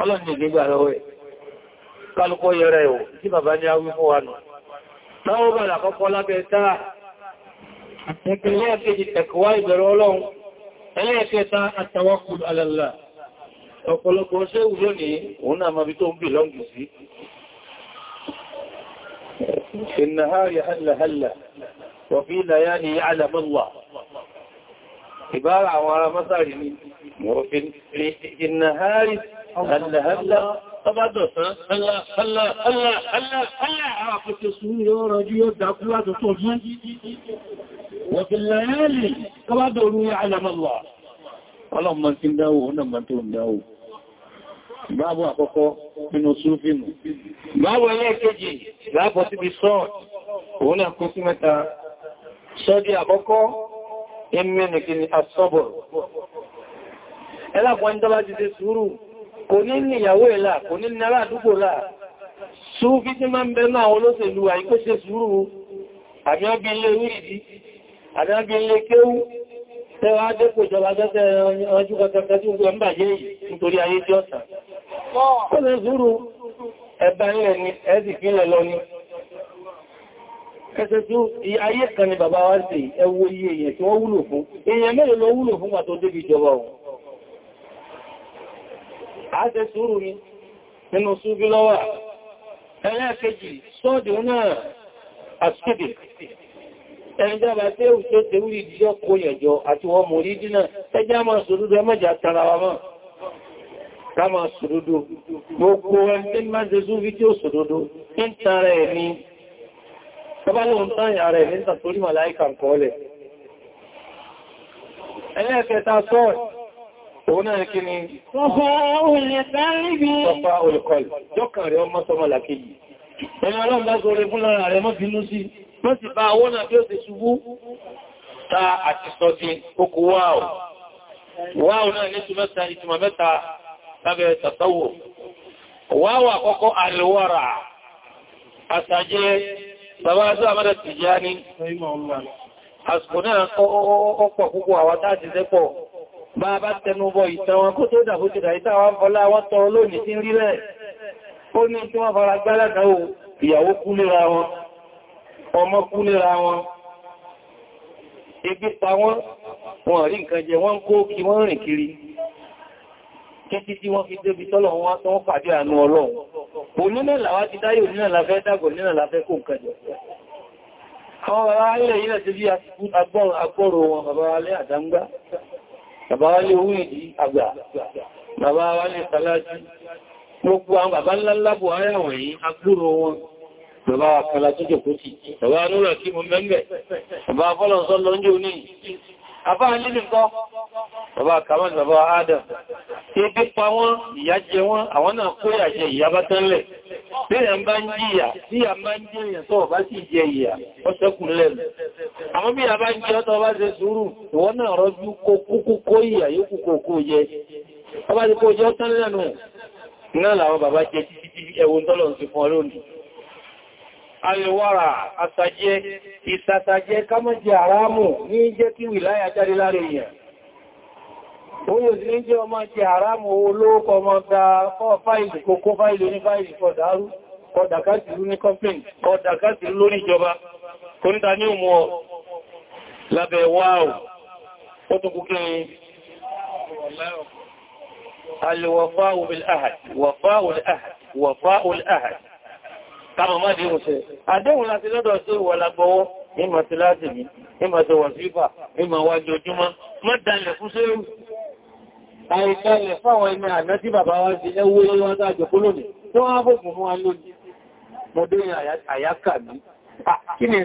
Ọlọ́run ìgbégbà lọ́wọ́ ẹ̀. Kálùkọ́ yẹrẹ ẹ̀ tí bàbá ní awí fún wa nù. Táwọ́ bàdà kọ́kọ́ lábẹ́ táà. òun náà máa bí tó ń bì lọ́ngì sí. في النهار هل هل وفي ليالي يعلم الله عبارة عن مثال وفي النهار هل هل Ọbádọ̀ tán, ẹlá, ẹlá, ẹlá, ẹlá, ẹlá, àwọn àpẹtẹ sùúrù yóò rọjú yóò dákú látọ̀ tó mọ́. Wọ̀fí lẹ́yẹ́lì, ọbádọ̀ orú yà alàmọ́lá. Ọlọ́mọ tí ń dáwò, ọ̀nàmọ́ tó ń dáwò. Báàbù àkọ́kọ́ nínú súnfínù. Báàbù ẹlẹ́ẹ̀kejì, láàpọ̀ síbi sọ́ọ̀tì òun náà kó sí mẹ́ta sọ́dí àkọ́kọ́ ìmẹ́nìkìní asọ́bọ̀ ẹlàpọ̀ ń dọ́bá ti ṣe sùúrù kò ní ní ìyàwó ẹ̀là kò ní ní aládùúgbò láà súnfí tí máa ń bẹ náà olóṣèlú àìkó ṣe sùúrù àmìábílé wíìdí àdábílé kéwú tẹ́wàá dépò ìjọba tẹ́tẹ́ ọjọ́ kọtẹ́kẹ́ ẹ̀bá ńlẹ̀ ni ẹ̀ẹ́sì fílẹ̀ lọ ni ẹsẹ̀ tó ayé kan ni bàbá wá sí ẹwọ iye èèyàn tí wọ́n wúlò fún èèyàn mẹ́rin lọ wúlò fún pàtó débi ìjọba ohun àṣẹ sùúrù ni nínú súnbí lọ́wà ẹlẹ́ẹ̀kejì ṣe tẹ́wúrí ìdíjọ́ kó yẹ̀jọ àti wọ́n mọ̀ orí dínà ẹjá máa sọ ká máa sòdodo gbogbo ẹgbẹ́ máa jẹ zú fídíò sòdodo ní tààrẹ ẹ̀mí tọ́bálóhun táyà rẹ̀ ní tàtórí màláìkà kọ́ọ̀lẹ̀ ẹlẹ́ẹ̀kẹta sọ́ọ̀ òun náà kí ni ọ̀fà olùkọ́lù jọ́kàn rẹ̀ ọmọ sọmọ làkejì ẹni ọlọ́run bá sọ rẹ̀ fún lára rẹ̀ mọ́ bínú sí mọ́ sì bá owó náà bí ó ti ṣubú ta àti sọ sí okòwò wáò náà ní túnmẹ́ta ìtumọ̀ mẹ́ta lábẹ́ tàtàwò wáwà kọ́kọ́ alwara àtàjẹ́ bàbá azọ́ àmọ́dà Tìjání àsìkò náà ọ̀pọ̀ púpọ̀ àwọn táàtì sẹ́pọ̀ bá bá tẹnubọ̀ ìtàn wọn kó tó dàbó ti dà ìtàwà ọlá wọ́n tọ lónìí sí rí rẹ̀ ó ní tí wọ́n fara gbá lágbàwò ìyàwó kú léra wọn ọmọ rí nǹkan jẹ wọ́n kó kí wọ́n rìn kiri títí tí wọ́n fi débi tọ́lọ̀ wọn tó wọ́n pàdé àánú ọlọ́run onínà làwá ti dáyé onínà làfẹ́ dàgbọ̀ onínà làfẹ́ kò nǹkan jọ àwọn bàbá alẹ́ ilẹ̀ tí bí agbọ́rọ̀ wọn bàbá alẹ́ àdámgbá bàbá alẹ́ owó ìdí àgbà bàbá alẹ́ kalájú gbogbo àwọn bàbá ńláńlá bò ara wọ̀nyí agbọ́rọ̀ wọn bàbá kalájú jẹ́ kó sì bàbá anúrà kí mo mẹ́mẹ́ bàbá fọ́lọ̀ sọ́lọ́ Àbá nílùú nǹkan, bàbá Kamal, bàbá Adam, ebi pa wọ́n, ìyà jẹ wọ́n, àwọn náà kó ìyàjẹ ìyà bá tẹ́lẹ̀. Bẹ́ẹ̀ ń bá ń jíyà, tí a máa ń jẹ́ èèyàn tó bá sì jẹ ìyà, ó sẹ́kù lẹ́nu. Àmọ́ bí a bá ń jẹ́ ọ́tọ́ bá ṣe sùúrù, ìwọ náà rọ́jú kó ìyà yókù kó jẹ́ ọ́tán alìwárà àtàjẹ́ ìsàtàjẹ́ kámọ́jẹ́ àrámù ní jẹ́ kí wìláyà jáde láre èèyàn Oyo sí jẹ́ ọmọ jẹ́ àrámù olóòkọ ọmọ gba fáìlì kòkó fáìlì ní fáìlì kọ̀dárú kọ̀dàkátìlú ní kọ́pìn kọ̀dàkátìlú lórí ìjọba kò níta ní òmù ọ lábẹ̀ wáò ó tún ahad wọ̀fáwò ahad wọ̀fáwò ahad káàmà má dé òṣè àdéhùn láti lọ́dọ̀ sí ìwọ̀ lagbọwọ́ ìmọ̀ ti láti mi ìmọ̀ ti wàsífà ìmọ̀ wájú ojúmọ́ mọ́ dalẹ̀ fún sẹ́rù àìdálẹ̀ fáwọn ẹni àná tí bàbá wá sí ẹwọ́ lọ́wọ́ tàjọ kólónì tó wá fòkùn fún wa lónìí mọ̀dé àyákà mi kí ni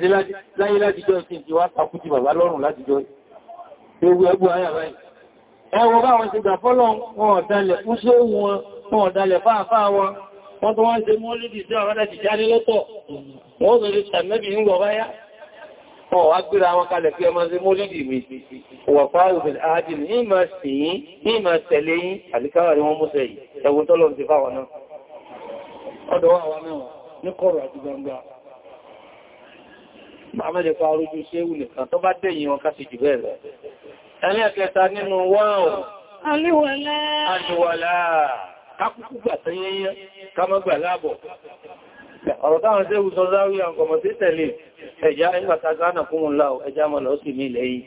wọ́n tó wọ́n ṣe mọ́lìdì sí àwọn àti jáde lọ́pọ̀ wọ́n tó lè ṣàmẹ́bì ń wọ̀ báyá wọ́n wá gbíra wọn kalẹ̀ pé ọmọ ṣe mọ́lìdì mi wọ̀fá òfin àájìl ní ìmọ̀ sí yín ní ìmọ̀ tẹ̀lé yín àdíkáwà ni wọ́n múṣẹ̀ yìí ẹ̀wọ̀n tọ́lọ̀ ti fáwọn náà ọdọ̀ wà wá mẹ́wàá ní kọ̀rọ̀ àti gbangba àmẹ́lẹ̀ fa orójú ṣéwù nìkan tó bá dẹ̀yìn wọn ká sì jù bẹ́ẹ̀ lọ. ẹlẹ́ẹ̀kẹta nínú wọ́n kákùkù gbà tán yẹnyẹ ká má gbà láàbọ̀ ọ̀rọ̀ táwọn tẹ́wù sọ láwí àwọn ọmọ sí tẹ̀lé ẹ̀já ẹgbàta gánà fún un láò ẹjá mọ̀ lọ sí ní ilẹ̀ yìí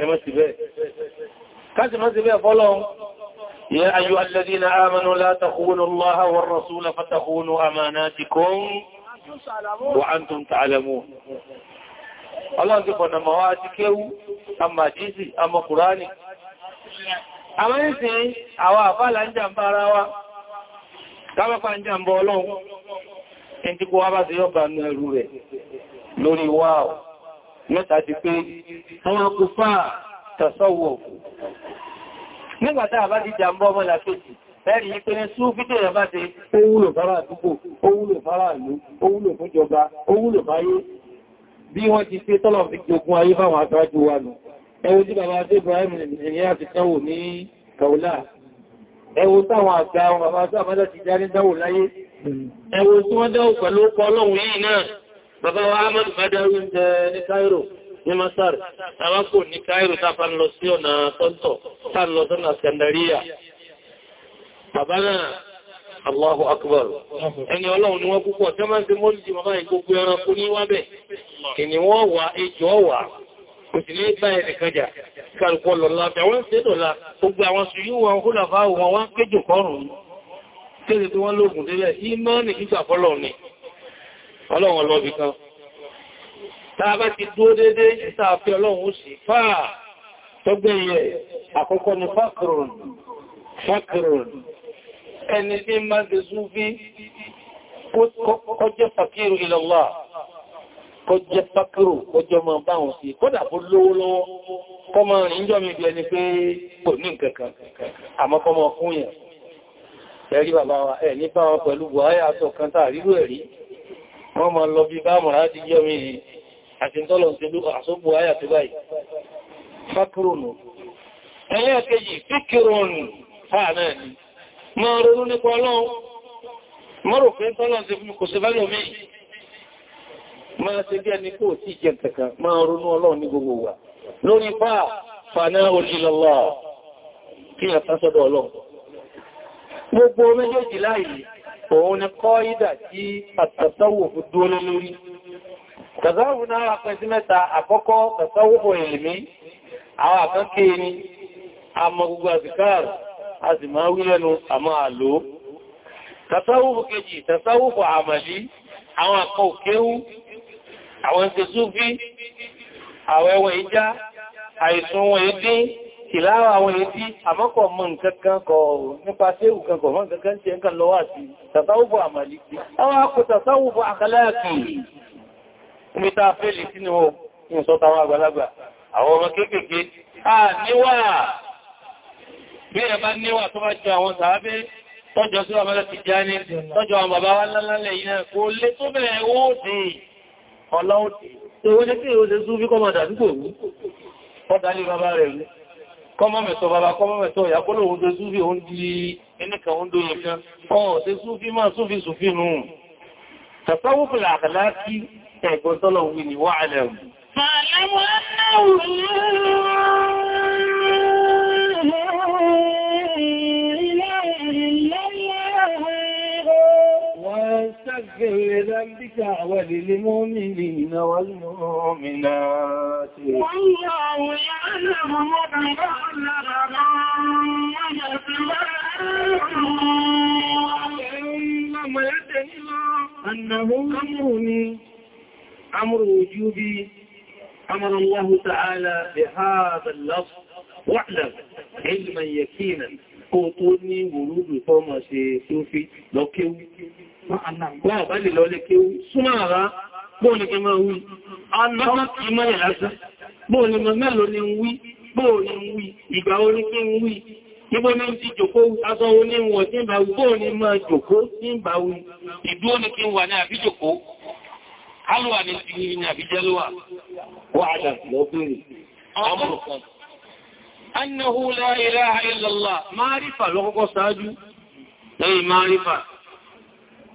ẹmọ́ sí bẹ́ẹ̀ káàkì mọ́ sí bẹ́ẹ̀ fọ́lọ́ àwọn ìsìn àwọn àfáàlà ń jàmbá ara wa káwọ́pá ń jàmbá ọlọ́run ẹni tí kó wá bá sí yọ́bà ní ẹrù rẹ̀ lórí wáàwọ̀ mẹ́ta ti pé àwọn akùfà tàṣọ́wọ̀ nígbàtá àbá ti jàmbá ọmọ làkejì ẹ̀rì ìpínlẹ̀ súnfídẹ̀ rẹ̀ bá ti ó wúlò fara àdúgbò ó wúlò fara ìlú ó wúlò fún ìjọba ó wúlò fáyé bí wọ́n ti ṣe tọ́lọ̀ ẹwọ tí bàbá tí Ibrahim ní àti tánwò ní kaula ẹwọ táwọn àgbà àwọn bàbá tí àmọ́dá ti já ní dánwò láyé ẹwọ tí wọ́n dánwò pẹ̀lú ọkọ̀ ọlọ́run yìí náà bàbá wa Ahmadu Badawi ń jẹ ní Cairo ní Masar àwọn kò ní Cairo tàbá lọ sí ọ̀nà tọ́ntọ̀ tàbá lọ sọ́nà Skandaria bàbá náà Allahu akbar. Ẹni ọlọ́run ni wọ́n púpọ̀, tẹ́ máa ń ṣe bàbá ìgbogbo ẹranko ní wábẹ̀. Kìnìún wọ́n wà, ejò wà, kò sì ní bá ẹnìkan jà kàrùkọ lọ́lá bí àwọn ìṣẹ́dọ̀lá gbogbo àwọn ṣùyú wọn kó làfá wọn wá ń péjò kọrùn kéde tí wọ́n lóògùn délẹ̀ ìmọ́nì ìgbà fọ́lọ̀ ni ọlọ́run ọlọ́bì kan tàà bá ti dúó dédé ìtààfẹ́ ọlọ́run ó sì kó jẹ́ pákírò kó jọ mọ́ báwọn sí kódà bó lówó lọ́wọ́ kọ́ mọ́ rìn jọ mi bí ẹni pé kò ní nǹkankan àmọ́ kọ́ mọ́ fún yẹn ẹ̀rí bàbá wa ẹ̀ ní bá wọn pẹ̀lú buhari àtọ̀kan tààrírò ẹ̀rí wọ́n máa lọ bí bá mọ̀rá ti jọ mi àti tọ́lọ̀ ti lú àsóbù ayà tó báyìí fákírònù ẹlẹ́ẹ̀kejì fíkírònù fáà náà ni máa ronú nípa ọlọ́run mọ́rò pé tọ́lọ̀ fún kò sí fẹ́lòmíì máa ṣe bí ẹni kò tí jẹ kankan máa ronú ọlọ́run ní gbogbo wa lórí bá fàná orílọ́lọ́ kí a tán sọ́dọ̀ ọlọ́run gbogbo méjèèjì láìlì òun ni kọ́ ìdà tí àtàtàwò fún dúró lórí tàtàwò tàtàwò fún ni a mọ gbogbo àzìkáàrù a sì máa wí lẹ́nu àmọ́ àlò tàtàwò fún kejì tàtàwò fún àmàlí àwọn àkọ́ òkéhù àwọn ń ṣe súfí àwọn ẹwọ̀n ìjá àìsùn wọn èdè ìlára àwọn èdè àmọ́kọ̀ mọ́ nǹkankan kọ̀ nípa séwù kankan mọ́ nǹkankan tí ẹnkan lọ wà sí tàtàwùbù àmàlìkì àwọn akọ̀ tàtàwùbù àkàláàkì omi tàà fẹ́lì sínú ìsọ́tàwà àgbàlagbà àwọn ọmọ kéékèèké níwà bí ẹ bá níwà tó bá jọ àwọn sàábé sí ọmọ lọ́ti jẹ́ ní tọ́jọ àwọn bàbá wa lálálẹ̀ yìí náà kò lè tó bẹ̀rẹ̀ wó dìí ọlá òtì tó wọ́n jẹ́ kí èrò ṣe súnfí kọmọ̀ dàdúgbò ní bàbá rẹ̀ ní kọmọ̀ mẹ́sọ̀ bàbá kọmọ̀ mẹ́sọ̀ ìyàkọ́lọ̀ òun súnfí òun di ẹnìkan òun dóyẹ kan ọ̀họ̀ ṣe súnfí máa súnfí súnfí فاغفر لذنبك وللمؤمنين والمؤمنات والله يعلم مبعث لما يدني أنه أمرني أمر وجوبي أمر الله تعالى بهذا اللفظ واعلم علما يكينا قوطوني ورود الفومة سيوفي لو wọ́n ọ̀bá lè lọ́lé kí ó súnmọ́ àrá bóòlù kí máa wí anáwọ́ kí mọ́lẹ̀ lásán bóòlù mọ́ mẹ́lò ni ń wí bóòlù ń wí ìgbà orí kí ń wí níbo ní ti jòkó aṣọ tí ń bá wí máa jòkó tí ń bá wí annahu la ilaha illallah ma'rifa sáájú ma'rifa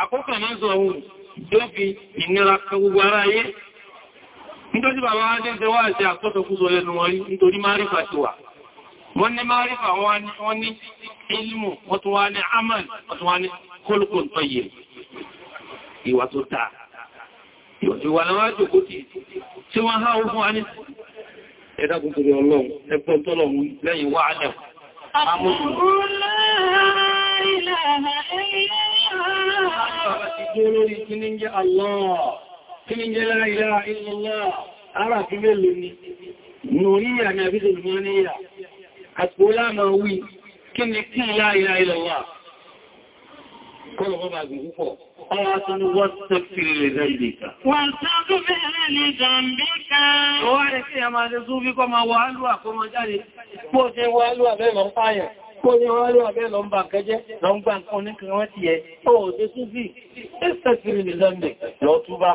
àkókò máa zọ̀wò tí ó fi ìnira kan gbogbo ara ayé nítorí bàbá wá jẹ́ wá àti àkọ́sọ̀kúsọ lẹ́nu wọn rí nítorí márífà ti wà wọ́n ní márífà wọ́n ní ilmù wọ́n tún wá ní amal wọ́n tún wá ní kólùkùn tọ́yẹ̀ ìwà tó dáa ìwà lọ́wọ́ jòkó tí tí wọ́n há ó fún aní ẹ̀dàkùn torí Bàbá ti gbé lórí kí ní jẹ́ Allah, kí ní jẹ́ la ilaha illallah, ara fi mélòó ni, nùríyà ni àbí Zulmaniya, àpò láàmà wí, kí ni kí la ilaha illallah. Kọ́lọ̀ bọ́bá gùn púpọ̀, ọwá tó ní wọ́n tó fi lè zambika. Wọ́n tó tó fi lè zambika. Ọwá rẹ̀ kí Kò ní wọ́n rí ọ̀gẹ́ lọ ń bá kẹjẹ́, lọ ń gbá nǹkan oníkan wọ́n ti ẹ̀, ó dé sí sí, ẹ́sẹ̀sìrì ní Sunday, lọ túbá,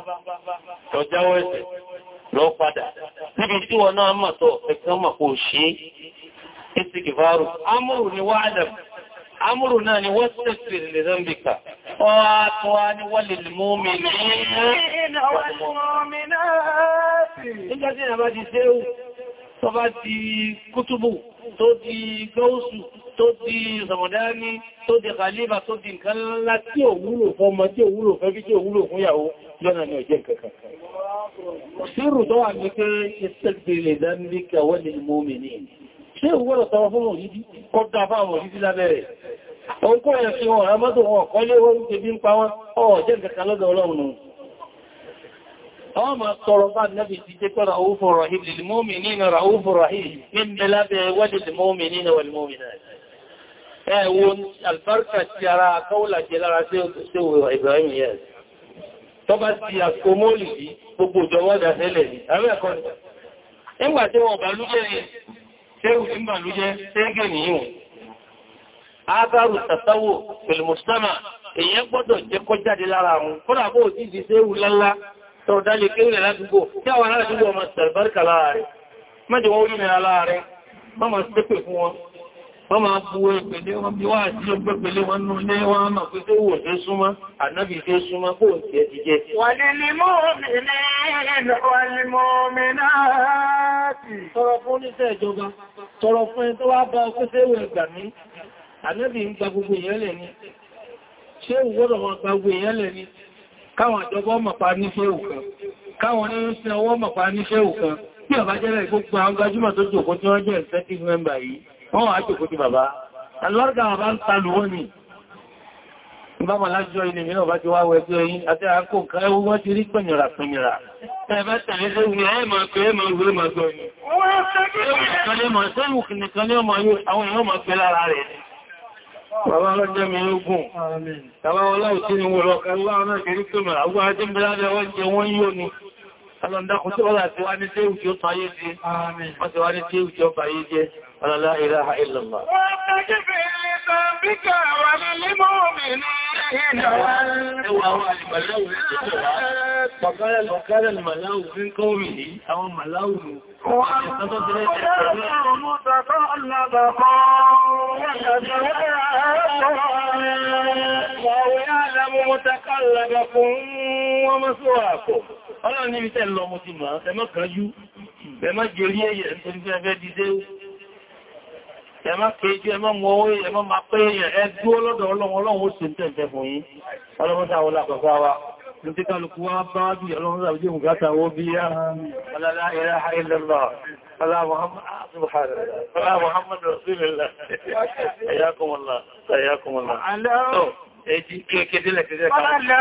lọ jáwọ́ ẹ̀sẹ̀, lọ padà. Níbi tí wọ́n náà mọ̀ tọ́, ẹ̀kan mọ̀ kò ṣe é, ẹ̀sì kìfàárù. Amúrù ni wa'adam, amúrù náà ni wọ́n sẹ́sìrì ní Sunday kà. Ọ̀tọ́wà ni wọ́n lè mú mi ní ẹ̀rẹ́ tó di gọ́ọ̀sù tó di Sàmọ̀dání tó di Khalifa tó di nǹkan ńlá tí ò wúlò fún ọmọ tí ò wúlò fún ẹbí tí ò wúlò fún ìyàwó lọ́nà ní ọjẹ́ kankan. Sírù tó wọn àmọ́tò wọn kọ́lé wọn ń tẹbí ń pa wọn, ọ̀ jẹ́ kankan lọ́dọ̀ Ọlọ́run ọmọ tọrọ bá nẹ́bì ti jẹ́ pé ràúfù rahim lil mu'minina ràúfù rahim ní mẹ́lábẹ̀ wọ́dì lil mu'minina wal mu'minat ẹ̀wọ albarka ti ara akọ́wọ́lá jẹ lára sí òwò Ibrahim yẹn tó bá ti àkómólì bí gbogbo ìjọwọ́dà tẹ́lẹ̀ ní àwẹ́ẹ̀kọ́ nígbà tí wọ́n bàlújẹ́ tẹ́rù tí bàlújẹ́ tẹ́gẹ̀ nìyàn jẹ́ lára àwọn kọ́nà bó ti di tẹ́rù tó dálé kéwìlẹ̀ ládúgbò tí àwọn aládúgbò ọmọ sẹ̀lbárkà láàrin mẹ́jọ wọ́n orílẹ̀ láàrin mọ́mọ̀ sẹ́pẹ̀ fún wọn wọ́n máa bú ẹgbẹ̀lẹ́ wọn bí wá àti ọgbẹ̀gbẹ̀lẹ́ wọn nú ilé wọn á máa pé tó wò tó súnmọ́ ànábì tó súnmọ́ kó ti ẹ ti jẹ́ wọ́n ni ni mọ́ mi ní wọ́n ni mọ́ mi ìjọba tọrọ fún ẹ tó wá bá ọkọ́ sẹ́wọ̀ ẹgbà mí ànábì ń gba gbogbo ìyẹ́lẹ̀ ni ṣé ìwọ́dọ̀ wọn gbogbo ìyẹ́lẹ̀ ni káwọn àjọba ọmọ̀pá níṣẹ́ òkan káwọn onírúnsẹ́ ọwọ́ ọmọ̀pá níṣẹ́ òkan bí ọba jẹ́rẹ̀ gbogbo àwọn gbajúmọ̀ tó jòkó tí wọ́n jẹ́ executive member yìí wọ́n wá jòkó ti bàbá alọ́rọ̀gá bàbá ń talù wọ́n ni ìbámọ̀ lájọ́ ilẹ̀ mìíràn bá ti wá wẹ́gbẹ́ yìí àti àkó nǹkan ẹwú wọ́n ti rí pẹ̀yìnrà pẹ̀yìnrà ẹ̀bẹ́ tẹ̀lé sí ìwé ẹ̀mọ̀ pé ẹ̀mọ̀ ìwé mọ̀ gbọ́ ni Bàbá ló jẹ́ mi lógún. Bàbá ọlá ìtí ni wọ́n lọ́kà láàrín àkìrí tó mẹ́rà. Àwọn ajé mẹ́rẹ́ wọ́n jẹ wọ́n yóò ni. Alọ́ndakùn tí wọ́n láti wá ní tí ó tí ó tayé jẹ́. Wọ́n ti wá ní tí ó tí ó bàyé jẹ́. Ọlọ́lá ìlàhà ìlàmà. Wọ́n Màláwù Wọ́n yáàlẹ́mú mọ́takálàgbàkùn wọ́n mọ́ sọ́wàkùn. Ọlọ́run níbi tẹ́ lọ mo ti mọ̀ ẹ́ mọ́ kan jú, ẹ mọ́ jẹrí ẹ̀yẹ̀ nítorí fẹ́ fẹ́ dídé. Ẹ mọ́ kéjú, owó, ẹ máa pé ẹ̀ẹ́ dúó lọ́dọ̀ ọlọ́run ọlọ́run ó ṣe ń tẹ́ tí kálùkù wá bá bí ọlọ́run rà jẹ́ mùgátà wó bí yá alálá ìráha ilẹ̀lá aláwọ̀hámàdù rasulillah ẹ̀yàkùnmọ̀lá ẹ̀yàkùnmọ̀lá ẹ̀jì kéèkéèdélẹ̀ kéèkéèdélẹ̀ káàkiri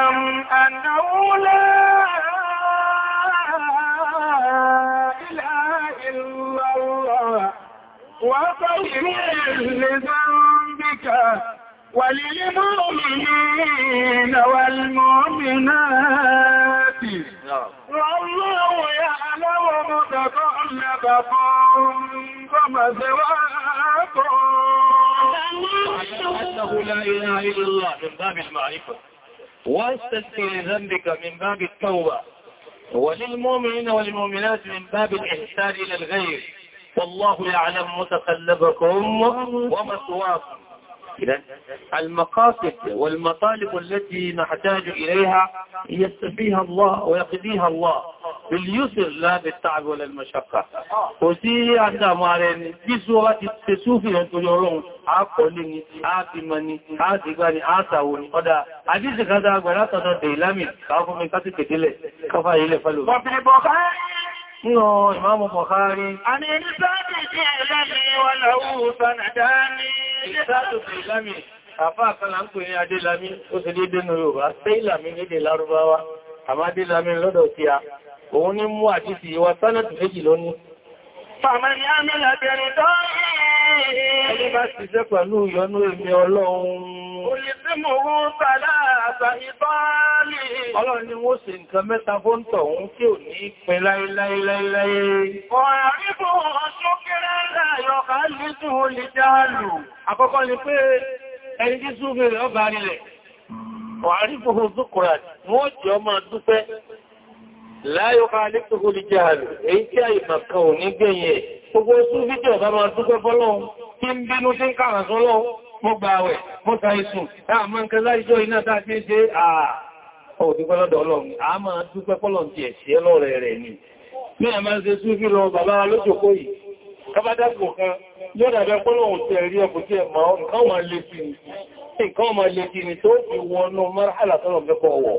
وللمؤمنين والمؤمنات والله يعلم متقلبكم ومثواكم أنه لا إله إلا الله من باب المعرفة واستغفر ذنبك من باب التوبة وللمؤمنين والمؤمنات من باب الإحسان إلى الغير والله يعلم متقلبكم ومثواكم إذا المقاصد والمطالب التي نحتاج إليها يستفيها الله ويقضيها الله باليسر لا بالتعب ولا المشقة وسي عند مارين في سورة التسوفي يقولون عقلين أقيمني أقيمني أساوني قد أجيز كذا ولا أتضى ديلامي كافو من كاتي كتلي كفا إلي فلو nínú ìmáàmù Bukhari. A ní ní sáàtì tí ìlàmì wà láwú sànàdá ní ilé sáàtì tí ìlàmì, àfá àkànlá ń pè ní Adélami, ó sì dédé nù Yorùbá, pé ìlàmì lédè Lárúbáwá, àmá Adélami lọ́dọ̀ tí a, òun ní mú àti ìwà sánàtì méjì lónìí. Fàmàní àmìlà bẹ̀rẹ̀ tọ́rẹ̀ ẹni bá ti jẹ́ pẹ̀lú ìyọnú èmi ọlọ́run. Olùsímòwó sàdá àgbà ìbáàlì. Ọlọ́run ni wó ṣe nǹkan mẹ́ta fóntọ̀ òun tí ò ní pín láíláíláíláí. Ọ̀rẹ́bù ọ̀ṣọ́ kéré láyọ̀ ká ní tún ó lè dáàlù. Àkọ́kọ́ ni pé ẹni tí súnfẹ́ rẹ̀ ọ láyé kálí tó kó lè jẹ́ àlù èyí tí àyè màkà ò ní gbẹ̀yẹ gbogbo sún fídíò bá máa dúpẹ́ fọ́lọ́run tí ń bínú tí ń kàrà sọ́lọ́run mo gbà àwẹ̀ mo ta ìsùn láàmọ́ nǹkan láìjọ́ iná tá a ti ń ṣe àà ni ní àmá ṣe súnfí lọ bàbá lójòkó yìí kábádágbò kan yóò dàbẹ́ pọ́lọ̀hùn tẹ̀ rí ọkù tí ẹ̀mà nǹkan ni tó fi wọnú márhàlá tọ́lọ̀ mẹ́kọ̀ọ́wọ̀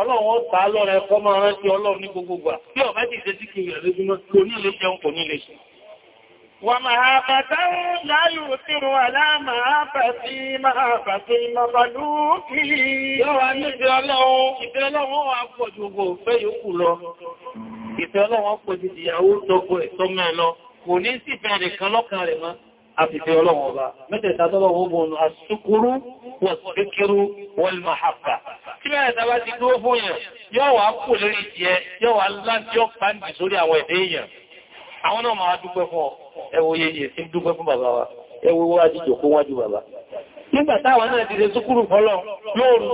ọlọ́run ó tàá lọ́rẹ kọ́ máa rántí ọlọ́run ní gbogbogbà bí ọ̀bá ti ṣe sí kìí ẹ̀lẹ́gbìmọ́ kò ní ilé jẹun kò ní ilé ṣe wà máa bàtà láyò tí wà láàmàá bàtí máa bàtí mọ́bàlú kí yọ́wà ní ìfẹ́ ọlọ́run ìfẹ́ ọlọ́run wà pọ̀ ju gbogbo ìfẹ́ yòókù lọ ìfẹ́ ọlọ́run pọ̀ ju ìyàwó tọgbọ ẹ̀tọ́mẹ́ lọ kò ní sí ìfẹ́ rẹ̀ kan lọ́kàn rẹ̀ mọ́ àfìfẹ́ ọlọ́run ọba mẹ́tẹ̀ẹ̀ta tọ́lọ́run ó bọ̀nù àṣùkúrú wọ̀sùkúrú wọ́lmàhàfà tí bẹ́ẹ̀ tàbá ti dúró fún yẹn yóò wá kò lórí ìjẹ́ yóò wá láti ọ̀pá nì sórí àwọn ẹ̀dẹ́ èèyàn àwọn náà máa dúpẹ́ fún ọ ẹwọ yẹyẹ sí dúpẹ́ fún bàbá wa ẹwọ wá ti jòkó wájú bàbá nígbà táwọn náà ti ṣe súkúrù fọ́lọ̀ lóòrù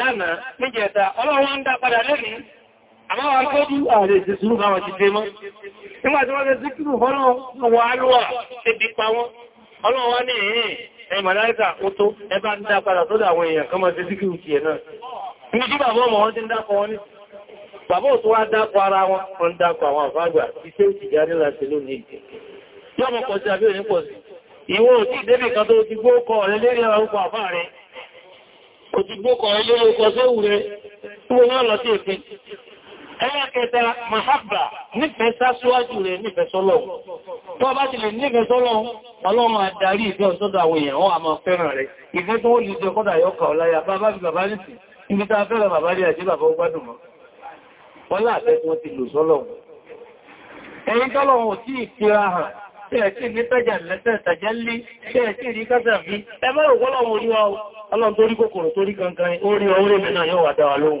lánàá níjẹta ọlọ́run wá ń dá padà lẹ́nìí àmọ́ wa gbọ́dú ààrẹ ọlọ́run wá ní ẹ̀yìn ẹ ma ó tó ẹbá ń dá padà sọ́dọ̀ àwọn èèyàn kan máa ṣe sí kìrù tiẹ̀ náà ní kí bàbá ọmọ wọn ti ń dákọ wọn ní bàbá ò tó wá dákọ ara wọn wọn ń dákọ àwọn àfágbà iṣẹ́ òtìjà nílá ṣe lónìí ẹlẹ́kẹta mahabba nífẹ́ sásíwájú rẹ̀ nífẹ́ sọ́lọ̀ tó bá ti lè nífẹ́ sọ́lọ̀ ọlọ́run àdarí ìfẹ́ ọ̀sọ́dọ̀ àwọn èèyàn wọ́n a máa fẹ́ràn rẹ̀ ìfẹ́ tó lè jẹ kọ́dà yọkà ọláyà bàbá bí bàbá nìsì ibi tá fẹ́ràn bàbá rí àti bàbá ó gbádùn mọ́ wọ́n láàfẹ́ tí wọ́n ti lò sọ́lọ̀ ẹ̀yìn tọ́lọ̀run ò tí ì fira hàn tẹ́ẹ̀tí ní tẹ́jà lẹ́tẹ́ tàjẹ́lé tẹ́ẹ̀tí rí kásà fi ẹgbẹ́ ògbọ́lọ́wọ́ orí wa ọlọ́run torí kòkòrò torí kankan orí ọwọ́rẹ́ mẹ́nà yóò wà dáwà lóhun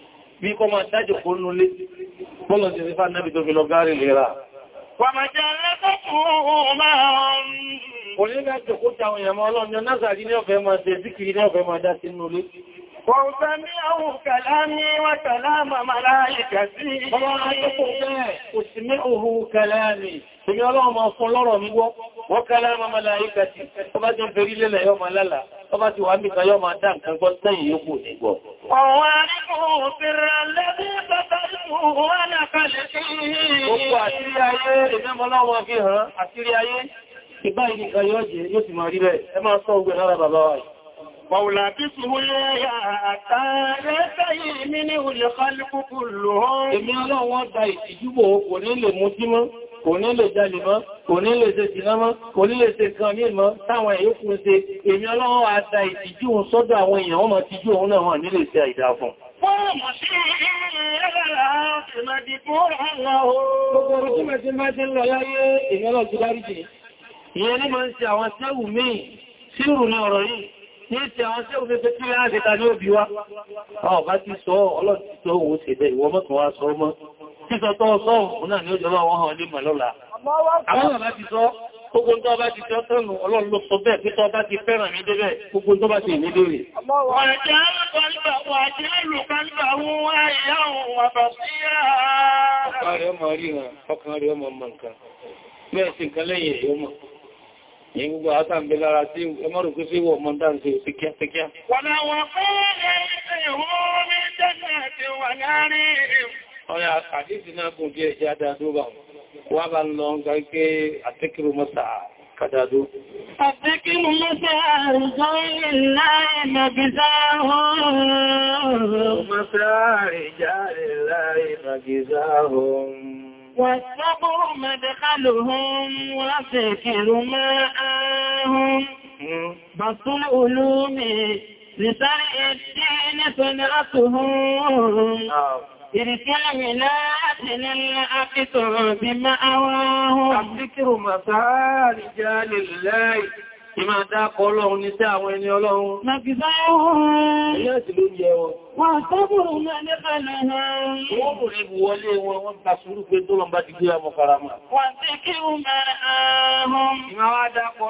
bí kọ́ máa ṣájò kó nú lé bọ́lọ̀ ti fi fánàbí tó fi lọ gáàrí lera Onígbàjò kó ta òyìnmọ́ ọlọ́run ní ọ̀nà àzàrí máa ṣe síkìrí ní máa dá وأسمعه كلامي وكلام ملائكتي أسمعه كلامي Èmi ọlọ́run máa fún lọ́rọ̀ mi gbọ́, wọ́n kalama malaikati, ọ bá jẹ́ fèrí lélẹ̀ yọ máa lálà, ọ bá ti wà ní kan yọ máa dá kò ayé, ayé, مولى باسمه يا أتا لسي منه الخلق kò ní lè mú sí kò ní lè ṣe sìná kò ní lè ṣe kan ní ìmọ́ táwọn èyí kún ṣe èmi ọlọ́wọ́n a ìtìjú òun sọ́dọ̀ àwọn èèyàn wọ́n mọ̀ tìjú òun náà wọ́n ní lè ṣe àìdá fún Fọ́ọ̀mù sí kìí ṣe ti sọ ọlọ́tí ṣe bẹ ìwọ mọ́tún wá sọ mọ́ títọ tọ́ sọ́run náà ni ó jọba wọn hàn ní mọ̀lọ́lá àwọn gbogbo tó bá ti tọ́tọ́nù ọlọ́run ló sọ bẹ́ẹ̀ pítọ́ bá ti fẹ́ràn mi débẹ̀ gbogbo tó bá ti ní lórí ní gbogbo àtàǹbẹ̀ lára tí ẹmọ́rù kú sí wọ mọ́ dáǹsì pẹ́kíápẹ́kíá. Wọ́n àwọn fẹ́ẹ̀rẹ̀ ìhómi jẹ́jẹ́ àti wà láàrin ọ̀rẹ́ àdíjì náà kùn bí ẹjẹ́ àdádó bá wà bá lọ gbáyé àtẹ́kìrò mọ́sà kàdádó. Àtẹ́kìrò mọ́sà àrùjọ́ ìlànà والصبر مدخلهم وفكر ماءهم بسط العلوم لسرع الدين صدرتهم آه. تلك الولايات للأقصى بمأواهم الذكر مسعى رجال الليل ìmá dákọ̀ ọlọ́run ní sí àwọn ẹni ọlọ́run. Nàbìbá ẹ̀hùn. Ilé ẹ̀sì ló yẹ wọn. Wọ́n tọ́bùrù ní ẹlẹ́fẹ́ lẹ́nà. Wọ́n bù rí bu wọlé wọn, wọ́n bá sùúrù pé tó lọ́mbá ti gbé àmọ́ karama. Wọ́n tí kí ó mẹ́rẹ̀ ààrùn. Ìmá wá dákọ̀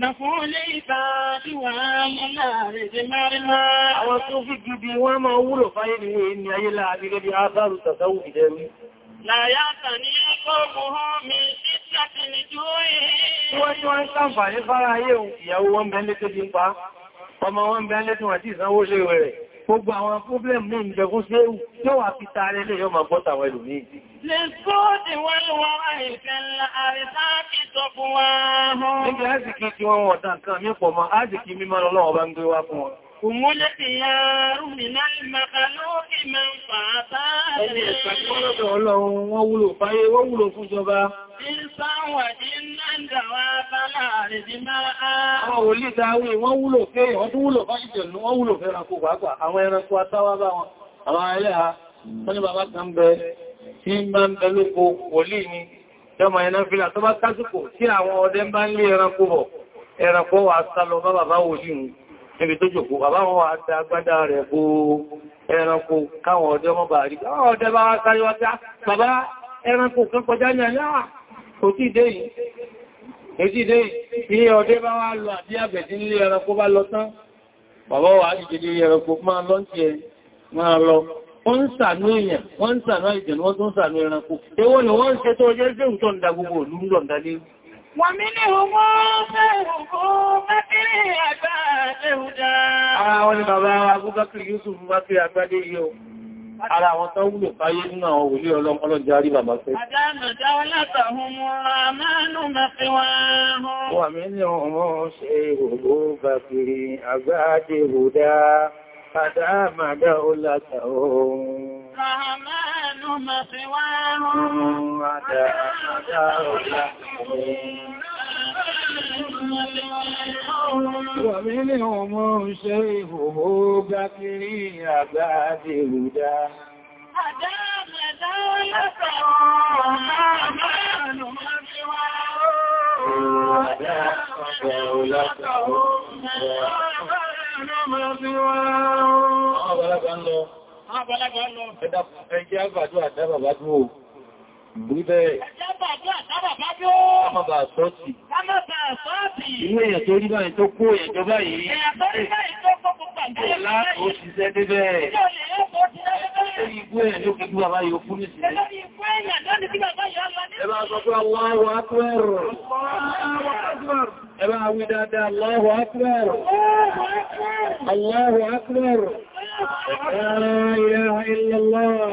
Àwọn tó fi gidi wọ́n máa wúlò fáyé ní ẹni ayé láàrin gẹ́gẹ́ bí ábárù tàtàwù ìdẹ́rí. Láyátà ní ọkọ̀ ọmọ mi sí láti ní jú èé. Wọ́n tí wọ́n ń sàǹfà ní fárá ayé ìyàwó wọn bẹ́ẹ̀ lé gbogbo àwọn problem ní ìjẹgún sí ewu yóò wà fi tààrẹ lè yọ máa bọ́ta wẹ́lù ní ìdí. lè sóòdì wọ́n wọ́n àìsẹ̀ àìsáàkì tó fún wọn. nígbẹ̀ هم الخيار من المخلوق من فعطاء ẹni ẹ̀sàn kí wọ́n lọ́dọ̀ ọlọ́run wọ́n wúlò fáyé wọ́n wúlò fún jọba Àwọn òlì dáwé wọ́n wúlò fẹ́ ọdún wúlò fájíjẹ̀lú wọ́n wúlò fẹ́ ẹranko pàápàá àwọn ẹranko atáwà bá wọn àwọn ẹlẹ́ha wọ́n ni bàbá kan bẹ tí ń bá ń bẹ lóko wòlí ni jọmọ ẹ̀nà fílà tó bá tásùkò tí àwọn ọdẹ ń bá ń lé ẹranko bọ̀ ẹranko wà sálọ bá bàbá wòlí níbi tó jòkó bàbá wọn wà dá agbádá rẹ̀ bó ẹranko káwọn ọdẹ ọmọ bà rí káwọn ọdẹ bá wá sáré wájá ah, bàbá ẹranko kan kọjá ní àyá kò tí dé yìí èjì dé ilé ọdẹ bá wá lọ àbí àbẹ̀dí nílé ẹranko bá lọ tán bàbá wà ìjẹdẹ ẹranko máa lọ ń tiẹ̀ máa lọ wọ́n ń sànú èèyàn wọ́n ń sànú àìjẹ̀ wọ́n tó ń sànú ẹranko ewó ni wọ́n ń ṣe tó ọjọ́ Ara wọn ni bàbá Abúgbákìrì Yusuf bá fi àgbádé yìí o. Ara àwọn tán wúlò fáyé nínú àwọn wòlé ọlọ́pọlọ́jà rí bàbá fẹ́. Àdánà dáwọ́ látàhún mú ra mánú mẹ́fẹ́ wá hàn. Wà mí ní ọmọ ṣe ògbó bàkìrì àgbádé hùdá, àdámàdá ó مثواه ومنهم شيخه بكري أباد هدى أدام ذلك وما كان مثواه ودافع لكه ما كان مثواه Àwọn àgbàlagbà lọ. Ẹ̀dàkùn ẹgbẹ́ àgbàdo àdábàbà dúró. Bíbẹ̀ Kámàbà sọ́ọ̀tì. Inú èèyàn tó rí báyìí tó kó èèyàn jọ báyìí. Èèyàn tó rí báyìí tó kó kó pàdé. Ẹ̀lá ó ti ṣẹ́ débẹ̀. Ẹ̀lá ìgbó èèyàn ló kí bàbá yóò fún ní sí. Ẹ̀lá ìgbó èèyàn ló kí bàbá yóò lọ ní. Ẹ̀bá sọ pé Allahu Akbar. Ẹ̀bá wí dáadáa Allahu Akbar. Allahu Akbar. La ilaha illallah.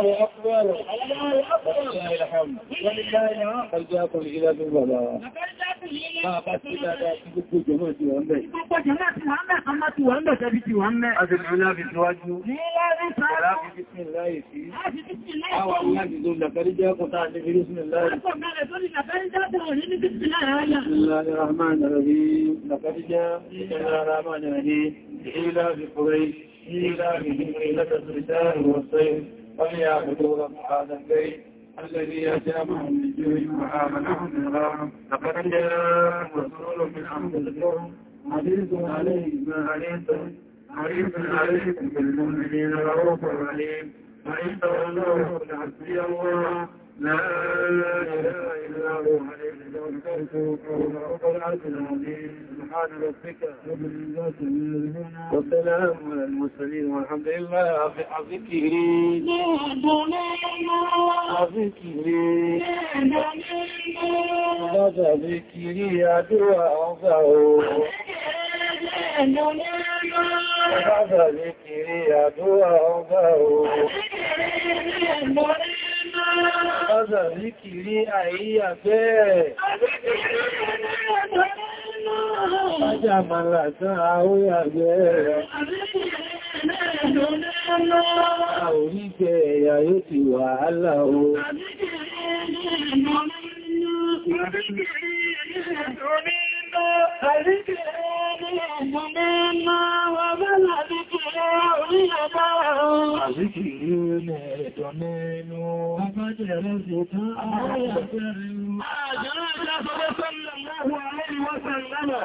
الله أكبر الله أكبر ولله الحمد ولله الحمد قد جاءكم إلى بالبلاء الله الرحمن الرحيم لقد جاء الرحمن الرحيم إلى بقريش إلى بهم لك الرسال والصيف فليعبدوا رب هذا البيت الذي أجابهم من جوع وآمنهم من غرهم لقد جاء رسول من أنفسكم عزيز عليه ما عليكم حريص عليكم بالمؤمنين رؤوف رحيم فإن تولوا فلعزي الله لا إله إلا هو عليه توكلت وهو رب العرش العظيم سبحان ربك رب العزة عما يصفون والسلام على المرسلين والحمد لله ذكري ذكري بعد ذكري أدعو أوضعه بعد ذكري أدعو أوضعه Ọzọ̀ ní kìrí àìyà bẹ́ẹ̀. Ọjà màlà tán àwóyà bẹ́ẹ̀. Àwòrí jẹ ẹ̀yà yóò ti wà álà o. Àbíkìrí Àzíkìrí ilẹ̀ ẹ̀dọ̀ nínú ọgbọ́jẹ̀rẹ́ ṣe tán ààrẹ ẹ̀rẹ́ ìrú. Àjọ́ ìjọ́ sọ́lọ́sọ́lọ́